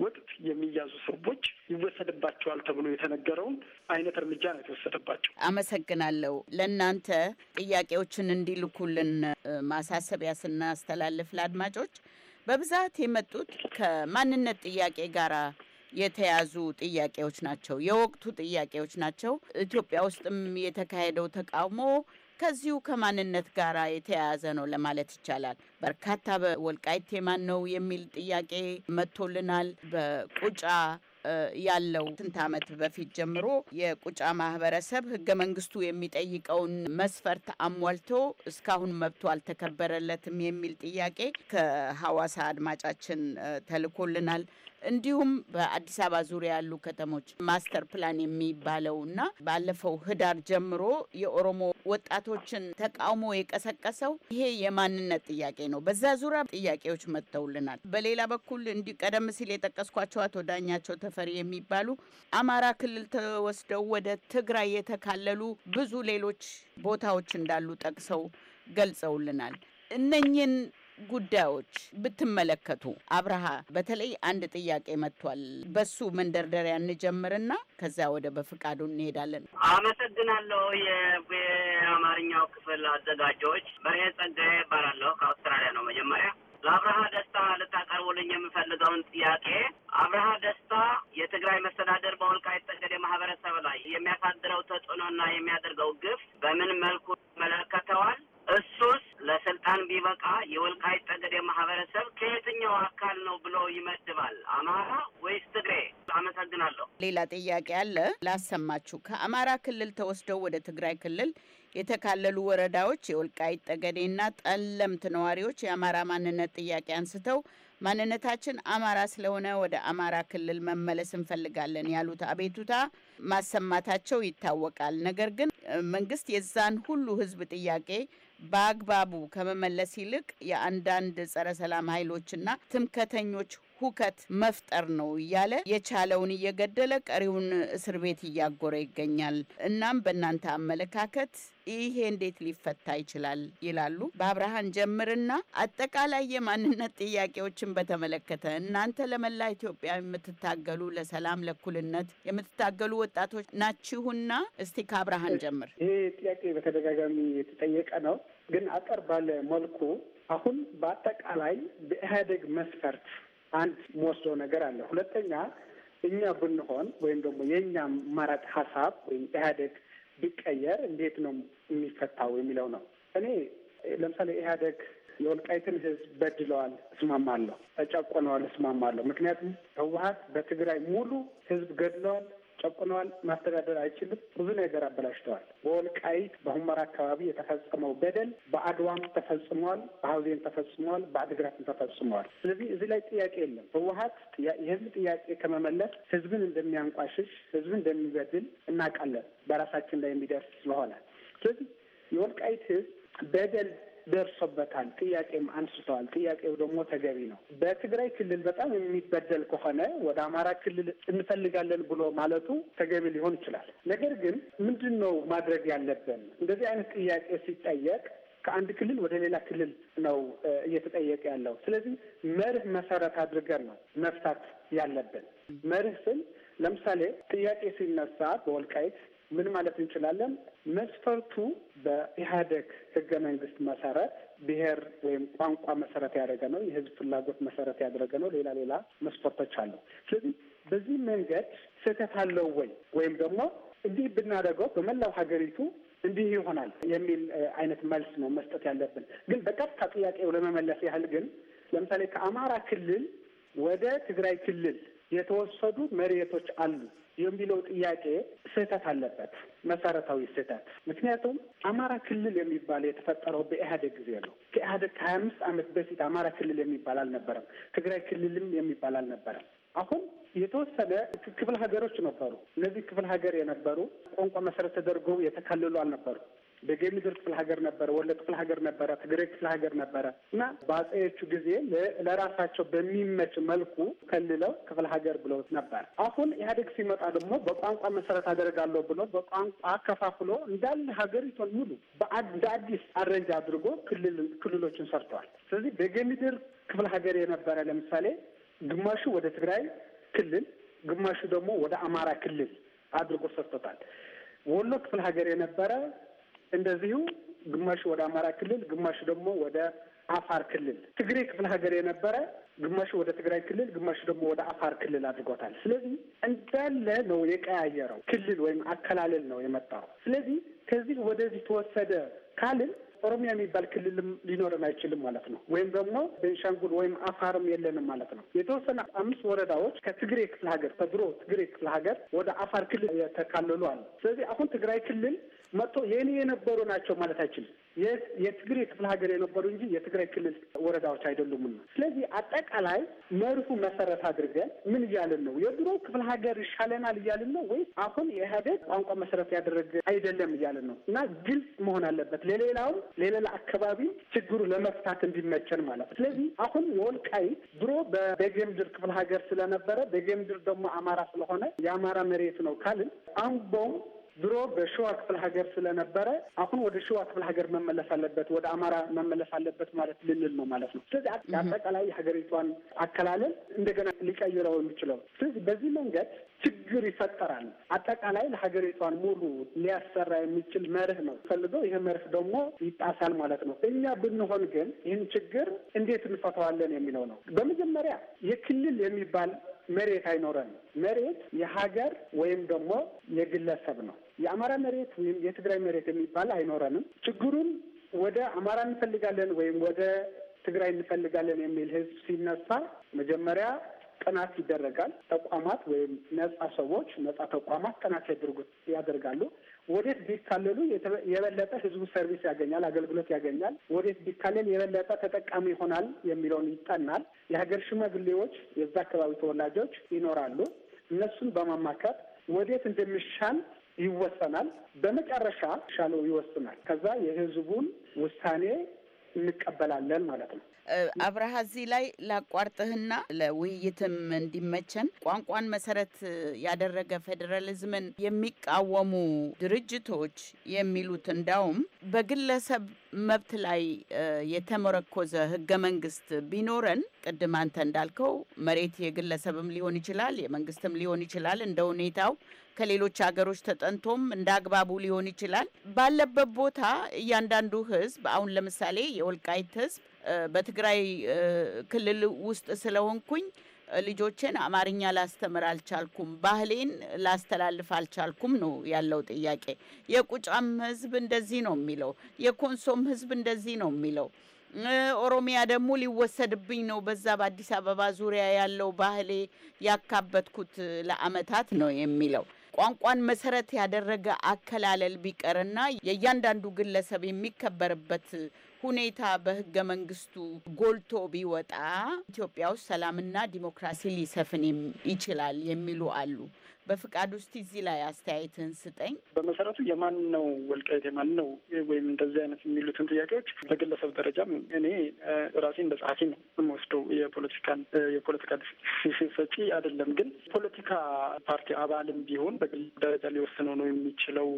ወቅት የሚያዙ ሰዎች ይወሰድባቸዋል ተብሎ የተነገረውን አይነት እርምጃ ነው የተወሰደባቸው። አመሰግናለሁ። ለእናንተ ጥያቄዎችን እንዲልኩልን ማሳሰቢያ ስናስተላልፍ ለአድማጮች በብዛት የመጡት ከማንነት ጥያቄ ጋር የተያዙ ጥያቄዎች ናቸው። የወቅቱ ጥያቄዎች ናቸው። ኢትዮጵያ ውስጥም የተካሄደው ተቃውሞ ከዚሁ ከማንነት ጋር የተያያዘ ነው ለማለት ይቻላል። በርካታ በወልቃይቴ ማን ነው የሚል ጥያቄ መጥቶልናል። በቁጫ ያለው ስንት ዓመት በፊት ጀምሮ የቁጫ ማህበረሰብ ህገ መንግስቱ የሚጠይቀውን መስፈርት አሟልቶ እስካሁን መብቱ አልተከበረለትም የሚል ጥያቄ ከሐዋሳ አድማጫችን ተልኮልናል። እንዲሁም በአዲስ አበባ ዙሪያ ያሉ ከተሞች ማስተር ፕላን የሚባለው እና ባለፈው ህዳር ጀምሮ የኦሮሞ ወጣቶችን ተቃውሞ የቀሰቀሰው ይሄ የማንነት ጥያቄ ነው። በዛ ዙሪያ ጥያቄዎች መጥተውልናል። በሌላ በኩል እንዲ ቀደም ሲል የጠቀስኳቸው አቶ ዳኛቸው ተፈሪ የሚባሉ አማራ ክልል ተወስደው ወደ ትግራይ የተካለሉ ብዙ ሌሎች ቦታዎች እንዳሉ ጠቅሰው ገልጸውልናል። እነኝን ጉዳዮች ብትመለከቱ አብርሃ በተለይ አንድ ጥያቄ መጥቷል። በሱ መንደርደሪያ እንጀምርና ከዚያ ወደ በፍቃዱ እንሄዳለን። አመሰግናለሁ። የአማርኛው ክፍል አዘጋጆች በሬ ጸጋዬ ይባላለሁ። ከአውስትራሊያ ነው። መጀመሪያ ለአብርሃ ደስታ ልታቀርቡልኝ የምፈልገውን ጥያቄ አብርሃ ደስታ የትግራይ መስተዳደር በወልቃይት ጠገዴ ማህበረሰብ ላይ የሚያሳድረው ተጽዕኖና የሚያደርገው ግፍ በምን መልኩ ይመለከተዋል? እሱስ ለስልጣን ቢበቃ የወልቃይት ጠገዴ ማህበረሰብ ከየትኛው አካል ነው ብሎ ይመድባል? አማራ ወይስ ትግሬ? አመሰግናለሁ። ሌላ ጥያቄ አለ ላሰማችሁ። ከአማራ ክልል ተወስደው ወደ ትግራይ ክልል የተካለሉ ወረዳዎች የወልቃይት ጠገዴና ጠለምት ነዋሪዎች የአማራ ማንነት ጥያቄ አንስተው ማንነታችን አማራ ስለሆነ ወደ አማራ ክልል መመለስ እንፈልጋለን ያሉት አቤቱታ ማሰማታቸው ይታወቃል። ነገር ግን መንግስት የዛን ሁሉ ህዝብ ጥያቄ በአግባቡ ከመመለስ ይልቅ የአንዳንድ ጸረ ሰላም ኃይሎችና ትምከተኞች ሁከት መፍጠር ነው እያለ የቻለውን እየገደለ ቀሪውን እስር ቤት እያጎረ ይገኛል። እናም በእናንተ አመለካከት ይሄ እንዴት ሊፈታ ይችላል ይላሉ? በአብርሃን ጀምርና አጠቃላይ የማንነት ጥያቄዎችን በተመለከተ እናንተ ለመላ ኢትዮጵያ የምትታገሉ ለሰላም፣ ለእኩልነት የምትታገሉ ወጣቶች ናችሁና እስቲ ከአብርሃን ጀምር። ይሄ ጥያቄ በተደጋጋሚ የተጠየቀ ነው። ግን አጠር ባለ መልኩ አሁን በአጠቃላይ በኢህአዴግ መስፈርት አንድ መወስደው ነገር አለ። ሁለተኛ እኛ ብንሆን ወይም ደግሞ የእኛ አማራጭ ሀሳብ ወይም ኢህአዴግ ቢቀየር እንዴት ነው የሚፈታው የሚለው ነው። እኔ ለምሳሌ ኢህአዴግ የወልቃይትን ህዝብ በድለዋል፣ እስማማለሁ። ተጨቆነዋል፣ እስማማለሁ። ምክንያቱም ህወሀት በትግራይ ሙሉ ህዝብ ገድለዋል፣ ጨቁነዋል። ማስተዳደር አይችልም። ብዙ ነገር አበላሽተዋል። በወልቃይት በሁመራ አካባቢ የተፈጸመው በደል በአድዋም ተፈጽመዋል፣ በሀውዜን ተፈጽመዋል፣ በአድግራትም ተፈጽመዋል። ስለዚህ እዚህ ላይ ጥያቄ የለም። ህወሀት የህዝብ ጥያቄ ከመመለስ ህዝብን እንደሚያንቋሽሽ፣ ህዝብን እንደሚበድል እናውቃለን። በራሳችን ላይ የሚደርስ ስለሆነ ስለዚህ የወልቃይት ህዝብ በደል ደርሶበታል፣ ጥያቄም አንስተዋል። ጥያቄው ደግሞ ተገቢ ነው። በትግራይ ክልል በጣም የሚበደል ከሆነ ወደ አማራ ክልል እንፈልጋለን ብሎ ማለቱ ተገቢ ሊሆን ይችላል። ነገር ግን ምንድን ነው ማድረግ ያለብን? እንደዚህ አይነት ጥያቄ ሲጠየቅ ከአንድ ክልል ወደ ሌላ ክልል ነው እየተጠየቀ ያለው። ስለዚህ መርህ መሰረት አድርገን ነው መፍታት ያለብን። መርህ ስል ለምሳሌ ጥያቄ ሲነሳ በወልቃይት ምን ማለት እንችላለን? መስፈርቱ በኢህአደግ ህገ መንግስት መሰረት ብሔር ወይም ቋንቋ መሰረት ያደረገ ነው። የህዝብ ፍላጎት መሰረት ያደረገ ነው። ሌላ ሌላ መስፈርቶች አሉ። ስለዚህ በዚህ መንገድ ስህተት አለው ወይ ወይም ደግሞ እንዲህ ብናደርገው በመላው ሀገሪቱ እንዲህ ይሆናል የሚል አይነት መልስ ነው መስጠት ያለብን። ግን በቀጥታ ጥያቄው ለመመለስ ያህል ግን ለምሳሌ ከአማራ ክልል ወደ ትግራይ ክልል የተወሰዱ መሬቶች አሉ። የሚለው ጥያቄ ስህተት አለበት፣ መሰረታዊ ስህተት። ምክንያቱም አማራ ክልል የሚባል የተፈጠረው በኢህአዴግ ጊዜ ነው። ከኢህአዴግ ከሀያ አምስት ዓመት በፊት አማራ ክልል የሚባል አልነበረም። ትግራይ ክልልም የሚባል አልነበረም። አሁን የተወሰነ ክፍለ ሀገሮች ነበሩ። እነዚህ ክፍለ ሀገር የነበሩ ቋንቋ መሰረት ተደርገው የተካለሉ አልነበሩ። ደጌ ምድር ክፍለ ሀገር ነበረ፣ ወሎ ክፍለ ሀገር ነበረ፣ ትግሬ ክፍለ ሀገር ነበረ እና በአጼዎቹ ጊዜ ለራሳቸው በሚመች መልኩ ከልለው ክፍለ ሀገር ብለው ነበር። አሁን ኢህአዴግ ሲመጣ ደግሞ በቋንቋ መሰረት አደርጋለሁ ብሎ በቋንቋ አከፋፍሎ እንዳለ ሀገሪቱን ሙሉ በአዲስ አረንጅ አድርጎ ክልሎችን ሰርተዋል። ስለዚህ ደጌ ክፍለ ሀገር የነበረ ለምሳሌ ግማሹ ወደ ትግራይ ክልል፣ ግማሹ ደግሞ ወደ አማራ ክልል አድርጎ ሰርቶታል። ወሎ ክፍለ ሀገር የነበረ እንደዚሁ ግማሹ ወደ አማራ ክልል፣ ግማሹ ደግሞ ወደ አፋር ክልል ትግሬ ክፍለ ሀገር የነበረ ግማሹ ወደ ትግራይ ክልል፣ ግማሹ ደግሞ ወደ አፋር ክልል አድርጎታል። ስለዚህ እንዳለ ነው የቀያየረው ክልል ወይም አከላለል ነው የመጣው። ስለዚህ ከዚህ ወደዚህ ተወሰደ ካልን ኦሮሚያ የሚባል ክልልም ሊኖረን አይችልም ማለት ነው። ወይም ደግሞ ቤንሻንጉል ወይም አፋርም የለንም ማለት ነው። የተወሰነ አምስት ወረዳዎች ከትግሬ ክፍለ ሀገር ከድሮ ትግሬ ክፍለ ሀገር ወደ አፋር ክልል የተካለሉ አሉ። ስለዚህ አሁን ትግራይ ክልል መጥቶ የኔ የነበሩ ናቸው ማለት አይችልም። የትግሬ ክፍለ ሀገር የነበሩ እንጂ የትግራይ ክልል ወረዳዎች አይደሉምና፣ ስለዚህ አጠቃላይ መርሁ መሰረት አድርገን ምን እያልን ነው? የድሮ ክፍለ ሀገር ይሻለናል እያልን ነው ወይስ አሁን የኢህአዴግ ቋንቋ መሰረት ያደረገ አይደለም እያልን ነው? እና ግልጽ መሆን አለበት ለሌላውም ለሌላ አካባቢ ችግሩ ለመፍታት እንዲመቸን ማለት ስለዚህ አሁን የወልቃይት ድሮ በጌምድር ክፍለ ሀገር ስለነበረ በጌምድር ደግሞ አማራ ስለሆነ የአማራ መሬት ነው ካልን አንቦም ድሮ በሸዋ ክፍለ ሀገር ስለነበረ አሁን ወደ ሸዋ ክፍለ ሀገር መመለስ አለበት፣ ወደ አማራ መመለስ አለበት ማለት ልንል ነው ማለት ነው። ስለዚህ አጠቃላይ የሀገሪቷን አከላለል እንደገና ሊቀይረው የሚችለው ስለዚህ በዚህ መንገድ ችግር ይፈጠራል። አጠቃላይ ለሀገሪቷን ሙሉ ሊያሰራ የሚችል መርህ ነው ፈልገው፣ ይህ መርህ ደግሞ ይጣሳል ማለት ነው። እኛ ብንሆን ግን ይህን ችግር እንዴት እንፈተዋለን የሚለው ነው። በመጀመሪያ የክልል የሚባል መሬት አይኖረንም። መሬት የሀገር ወይም ደግሞ የግለሰብ ነው። የአማራ መሬት ወይም የትግራይ መሬት የሚባል አይኖረንም። ችግሩን ወደ አማራ እንፈልጋለን ወይም ወደ ትግራይ እንፈልጋለን የሚል ህዝብ ሲነሳ መጀመሪያ ጥናት ይደረጋል። ተቋማት ወይም ነጻ ሰዎች፣ ነጻ ተቋማት ጥናት ያደርጋሉ። ወዴት ቢካለሉ የበለጠ ህዝቡ ሰርቪስ ያገኛል፣ አገልግሎት ያገኛል፣ ወዴት ቢካለል የበለጠ ተጠቃሚ ይሆናል የሚለውን ይጠናል። የሀገር ሽማግሌዎች፣ የዛ አካባቢ ተወላጆች ይኖራሉ። እነሱን በማማከር ወዴት እንደሚሻል ይወሰናል። በመጨረሻ ሻለው ይወስናል። ከዛ የህዝቡን ውሳኔ እንቀበላለን ማለት ነው። አብረሃ እዚህ ላይ ላቋርጥህና ለውይይትም እንዲመቸን ቋንቋን መሰረት ያደረገ ፌዴራሊዝምን የሚቃወሙ ድርጅቶች የሚሉት እንዳውም በግለሰብ መብት ላይ የተመረኮዘ ህገ መንግስት ቢኖረን ቅድም አንተ እንዳልከው መሬት የግለሰብም ሊሆን ይችላል፣ የመንግስትም ሊሆን ይችላል እንደ ሁኔታው ከሌሎች ሀገሮች ተጠንቶም እንደ አግባቡ ሊሆን ይችላል። ባለበት ቦታ እያንዳንዱ ህዝብ አሁን ለምሳሌ የወልቃይት ህዝብ በትግራይ ክልል ውስጥ ስለሆንኩኝ ልጆችን አማርኛ ላስተምር አልቻልኩም፣ ባህሌን ላስተላልፍ አልቻልኩም ነው ያለው ጥያቄ። የቁጫም ህዝብ እንደዚህ ነው የሚለው፣ የኮንሶም ህዝብ እንደዚህ ነው የሚለው። ኦሮሚያ ደግሞ ሊወሰድብኝ ነው፣ በዛ በአዲስ አበባ ዙሪያ ያለው ባህሌ ያካበትኩት ለአመታት ነው የሚለው። ቋንቋን መሰረት ያደረገ አከላለል ቢቀርና የእያንዳንዱ ግለሰብ የሚከበርበት ሁኔታ በህገ መንግስቱ ጎልቶ ቢወጣ ኢትዮጵያ ውስጥ ሰላምና ዲሞክራሲ ሊሰፍን ይችላል የሚሉ አሉ። በፍቃድ ውስጥ እዚህ ላይ አስተያየትህን ስጠኝ። በመሰረቱ የማን ነው ወልቃይት የማን ነው ወይም እንደዚህ አይነት የሚሉትን ጥያቄዎች በግለሰብ ደረጃም እኔ ራሴ እንደ ጸሐፊ ነው የምወስደው። የፖለቲካን የፖለቲካ ሰጪ አይደለም፣ ግን ፖለቲካ ፓርቲ አባልም ቢሆን በግል ደረጃ ሊወስነው ነው የሚችለው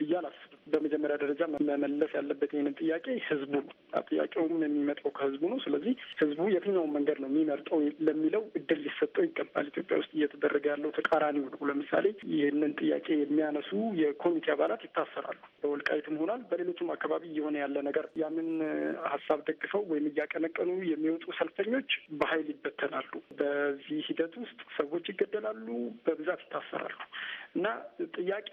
ብዬ አላስብም። በመጀመሪያ ደረጃ መመለስ ያለበት ይህንን ጥያቄ ህዝቡ ነው። ጥያቄውም የሚመጣው ከህዝቡ ነው። ስለዚህ ህዝቡ የትኛውን መንገድ ነው የሚመርጠው ለሚለው እድል ሊሰጠው ይገባል። ኢትዮጵያ ውስጥ እየተደረገ ያለው ተቃራኒው ነው። ለምሳሌ ይህንን ጥያቄ የሚያነሱ የኮሚቴ አባላት ይታሰራሉ። በወልቃይትም ሆኗል በሌሎችም አካባቢ እየሆነ ያለ ነገር ያንን ሀሳብ ደግፈው ወይም እያቀነቀኑ የሚወጡ ሰልፈኞች በኃይል ይበተናሉ። በዚህ ሂደት ውስጥ ሰዎች ይገደላሉ፣ በብዛት ይታሰራሉ እና ጥያቄ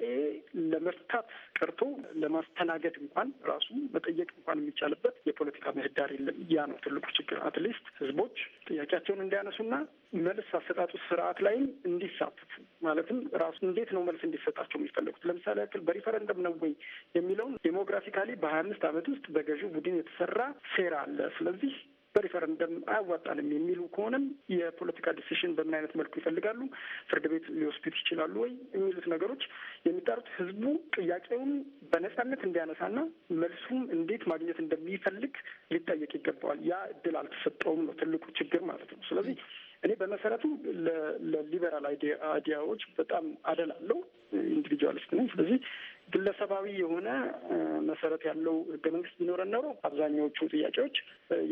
ለመፍታት ቀርቶ ለማስተናገድ እንኳን ራሱ መጠየቅ እንኳን የሚቻልበት የፖለቲካ ምህዳር የለም። ያ ነው ትልቁ ችግር። አትሊስት ህዝቦች ጥያቄያቸውን እንዲያነሱና መልስ አሰጣጡ ስርዓት ላይም እንዲሳተፉ ማለትም ራሱ እንዴት ነው መልስ እንዲሰጣቸው የሚፈለጉት? ለምሳሌ ያክል በሪፈረንደም ነው ወይ የሚለውን ዴሞግራፊካሊ በሀያ አምስት አመት ውስጥ በገዢው ቡድን የተሰራ ሴራ አለ። ስለዚህ በሪፈረንደም አያዋጣንም የሚሉ ከሆነም የፖለቲካ ዲሲሽን በምን አይነት መልኩ ይፈልጋሉ? ፍርድ ቤት ሊወስዱት ይችላሉ ወይ? የሚሉት ነገሮች የሚጣሩት ህዝቡ ጥያቄውን በነጻነት እንዲያነሳና መልሱም እንዴት ማግኘት እንደሚፈልግ ሊጠየቅ ይገባዋል። ያ እድል አልተሰጠውም ነው ትልቁ ችግር ማለት ነው። ስለዚህ እኔ በመሰረቱ ለሊበራል አይዲያዎች በጣም አደላለሁ። ኢንዲቪጁዋሊስት ነኝ። ስለዚህ ግለሰባዊ የሆነ መሰረት ያለው ህገ መንግስት ቢኖረን ኖሮ አብዛኛዎቹ ጥያቄዎች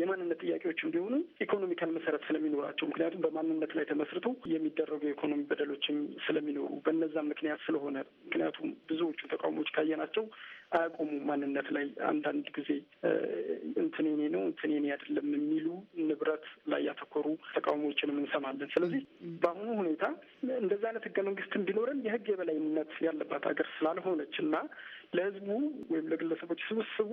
የማንነት ጥያቄዎች እንዲሆኑ ኢኮኖሚካል መሰረት ስለሚኖራቸው፣ ምክንያቱም በማንነት ላይ ተመስርቶ የሚደረጉ የኢኮኖሚ በደሎችም ስለሚኖሩ በነዛም ምክንያት ስለሆነ ምክንያቱም ብዙዎቹ ተቃውሞዎች ካየናቸው አያቆሙ ማንነት ላይ አንዳንድ ጊዜ እንትን የኔ ነው እንትን የኔ አይደለም የሚሉ ንብረት ላይ ያተኮሩ ተቃውሞዎችንም እንሰማለን። ስለዚህ በአሁኑ ሁኔታ እንደዚህ አይነት ህገ መንግስት እንዲኖረን የህግ የበላይነት ያለባት ሀገር ስላልሆነች እና ለህዝቡ ወይም ለግለሰቦች ስብስቡ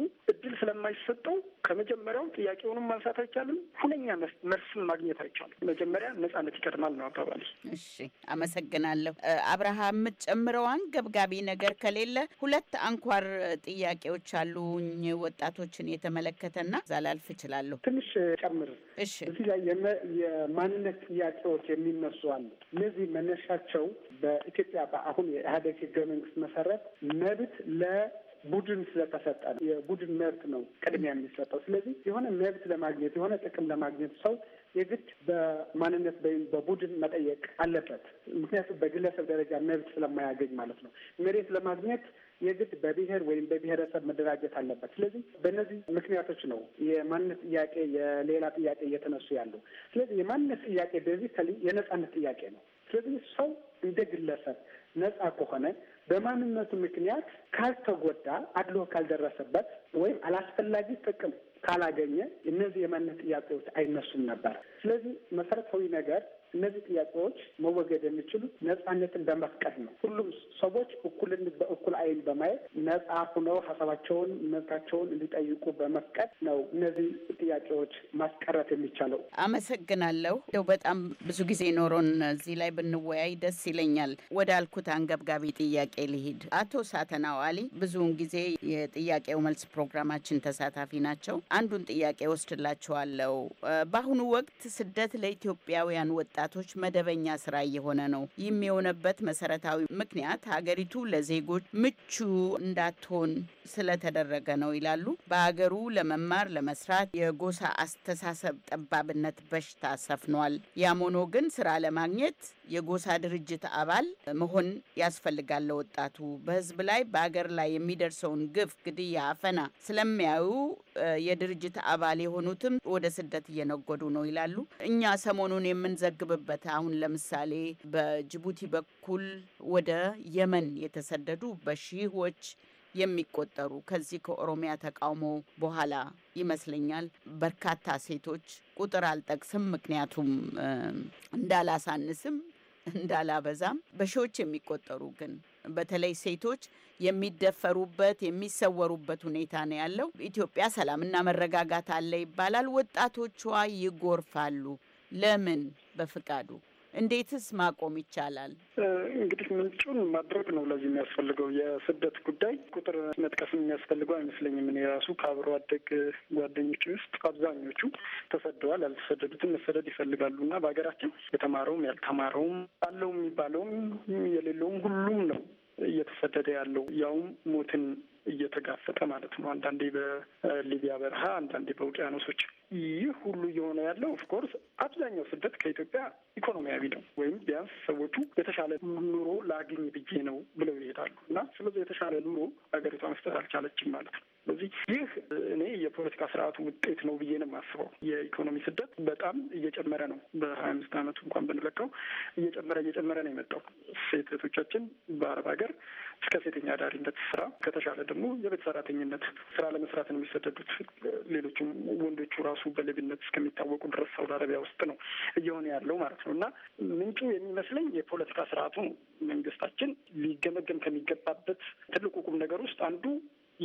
ስለማይሰጠው ከመጀመሪያው ጥያቄውንም ማንሳት አይቻልም። ሁነኛ መልስም ማግኘት አይቻልም። መጀመሪያ ነጻነት ይቀድማል ነው አባባል። እሺ፣ አመሰግናለሁ አብርሃም። የምትጨምረው አንገብጋቢ ነገር ከሌለ ሁለት አንኳር ጥያቄዎች አሉኝ ወጣቶችን የተመለከተና እዛ ላልፍ እችላለሁ። ትንሽ ጨምር። እሺ፣ እዚህ ላይ የማንነት ጥያቄዎች የሚነሱ አሉ። እነዚህ መነሻቸው በኢትዮጵያ በአሁን የኢህአዴግ ህገ መንግስት መሰረት መብት ለ ቡድን ስለተሰጠ ነው። የቡድን መብት ነው ቅድሚያ የሚሰጠው። ስለዚህ የሆነ መብት ለማግኘት የሆነ ጥቅም ለማግኘት ሰው የግድ በማንነት ወይም በቡድን መጠየቅ አለበት። ምክንያቱም በግለሰብ ደረጃ መብት ስለማያገኝ ማለት ነው። መሬት ለማግኘት የግድ በብሔር ወይም በብሔረሰብ መደራጀት አለበት። ስለዚህ በእነዚህ ምክንያቶች ነው የማንነት ጥያቄ፣ የሌላ ጥያቄ እየተነሱ ያሉ። ስለዚህ የማንነት ጥያቄ ከ የነጻነት ጥያቄ ነው። ስለዚህ ሰው እንደ ግለሰብ ነጻ ከሆነ በማንነቱ ምክንያት ካልተጎዳ አድሎ ካልደረሰበት ወይም አላስፈላጊ ጥቅም ካላገኘ እነዚህ የማንነት ጥያቄዎች አይነሱም ነበር። ስለዚህ መሰረታዊ ነገር እነዚህ ጥያቄዎች መወገድ የሚችሉት ነጻነትን በመፍቀድ ነው። ሁሉም ሰዎች እኩልን በእኩል አይን በማየት ነጻ ሁነው ሀሳባቸውን መብታቸውን እንዲጠይቁ በመፍቀድ ነው እነዚህ ጥያቄዎች ማስቀረት የሚቻለው። አመሰግናለሁ። ው በጣም ብዙ ጊዜ ኖሮን እዚህ ላይ ብንወያይ ደስ ይለኛል። ወደ አልኩት አንገብጋቢ ጥያቄ ልሂድ። አቶ ሳተናው አሊ ብዙውን ጊዜ የጥያቄው መልስ ፕሮግራማችን ተሳታፊ ናቸው። አንዱን ጥያቄ ወስድላቸዋለሁ። በአሁኑ ወቅት ስደት ለኢትዮጵያውያን ወጣት ወጣቶች መደበኛ ስራ እየሆነ ነው። ይህም የሆነበት መሰረታዊ ምክንያት ሀገሪቱ ለዜጎች ምቹ እንዳትሆን ስለተደረገ ነው ይላሉ። በአገሩ ለመማር ለመስራት የጎሳ አስተሳሰብ ጠባብነት በሽታ ሰፍኗል። ያም ሆኖ ግን ስራ ለማግኘት የጎሳ ድርጅት አባል መሆን ያስፈልጋል። ወጣቱ በህዝብ ላይ በአገር ላይ የሚደርሰውን ግፍ፣ ግድያ፣ አፈና ስለሚያዩ የድርጅት አባል የሆኑትም ወደ ስደት እየነጎዱ ነው ይላሉ። እኛ ሰሞኑን የምንዘግብበት አሁን ለምሳሌ በጅቡቲ በኩል ወደ የመን የተሰደዱ በሺዎች የሚቆጠሩ ከዚህ ከኦሮሚያ ተቃውሞ በኋላ ይመስለኛል በርካታ ሴቶች ቁጥር አልጠቅስም፣ ምክንያቱም እንዳላሳንስም እንዳላበዛም በሺዎች የሚቆጠሩ ግን በተለይ ሴቶች የሚደፈሩበት የሚሰወሩበት ሁኔታ ነው ያለው። ኢትዮጵያ ሰላምና መረጋጋት አለ ይባላል። ወጣቶቿ ይጎርፋሉ። ለምን በፍቃዱ እንዴትስ ማቆም ይቻላል? እንግዲህ ምንጩን ማድረግ ነው ለዚህ የሚያስፈልገው። የስደት ጉዳይ ቁጥር መጥቀስም የሚያስፈልገው አይመስለኝም። እኔ ራሱ ከአብሮ አደግ ጓደኞች ውስጥ አብዛኞቹ ተሰደዋል። ያልተሰደዱትን መሰደድ ይፈልጋሉ እና በሀገራችን የተማረውም ያልተማረውም አለው የሚባለውም የሌለውም ሁሉም ነው እየተሰደደ ያለው ያውም ሞትን እየተጋፈጠ ማለት ነው። አንዳንዴ በሊቢያ በረሃ፣ አንዳንዴ በውቅያኖሶች። ይህ ሁሉ እየሆነ ያለው ኦፍኮርስ አብዛኛው ስደት ከኢትዮጵያ ኢኮኖሚያዊ ነው። ወይም ቢያንስ ሰዎቹ የተሻለ ኑሮ ላግኝ ብዬ ነው ብለው ይሄዳሉ እና ስለዚህ የተሻለ ኑሮ ሀገሪቷ መስጠት አልቻለችም ማለት ነው። ስለዚህ ይህ እኔ የፖለቲካ ስርዓቱ ውጤት ነው ብዬ ነው የማስበው። የኢኮኖሚ ስደት በጣም እየጨመረ ነው። በሀያ አምስት አመቱ እንኳን ብንለቀው እየጨመረ እየጨመረ ነው የመጣው። ሴት እህቶቻችን በአረብ ሀገር እስከ ሴተኛ አዳሪነት ስራ ከተሻለ ደግሞ የቤት ሰራተኝነት ስራ ለመስራት ነው የሚሰደዱት። ሌሎችም ወንዶቹ ራሱ በሌብነት እስከሚታወቁ ድረስ ሳውዲ አረቢያ ውስጥ ነው እየሆነ ያለው ማለት ነው። እና ምንጩ የሚመስለኝ የፖለቲካ ስርዓቱ መንግስታችን ሊገመገም ከሚገባበት ትልቁ ቁም ነገር ውስጥ አንዱ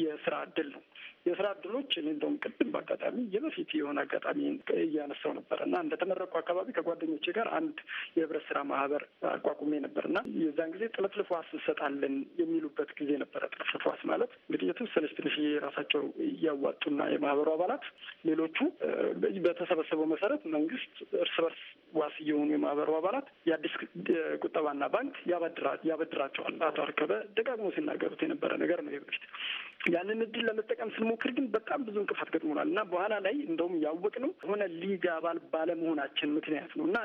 የስራ እድል ነው። የስራ እድሎች እኔ እንደውም ቅድም በአጋጣሚ የበፊት የሆነ አጋጣሚ እያነሳው ነበር እና እንደተመረቁ አካባቢ ከጓደኞቼ ጋር አንድ የህብረት ስራ ማህበር አቋቁሜ ነበር እና የዛን ጊዜ ጥልፍልፍ ዋስ እንሰጣለን የሚሉበት ጊዜ ነበረ። ጥልፍልፍ ዋስ ማለት እንግዲህ የተወሰነች ትንሽ የራሳቸው እያዋጡና የማህበሩ አባላት ሌሎቹ በተሰበሰበው መሰረት መንግስት እርስ በርስ ዋስ እየሆኑ የማህበሩ አባላት የአዲስ ቁጠባና ባንክ ያበድራቸዋል። አቶ አርከበ ደጋግሞ ሲናገሩት የነበረ ነገር ነው በፊት ያንን እድል ለመጠቀም ስንሞ ለመሞከር ግን በጣም ብዙ እንቅፋት ገጥሞናል እና በኋላ ላይ እንደውም ያወቅነው የሆነ ሊግ አባል ባለመሆናችን ምክንያት ነው እና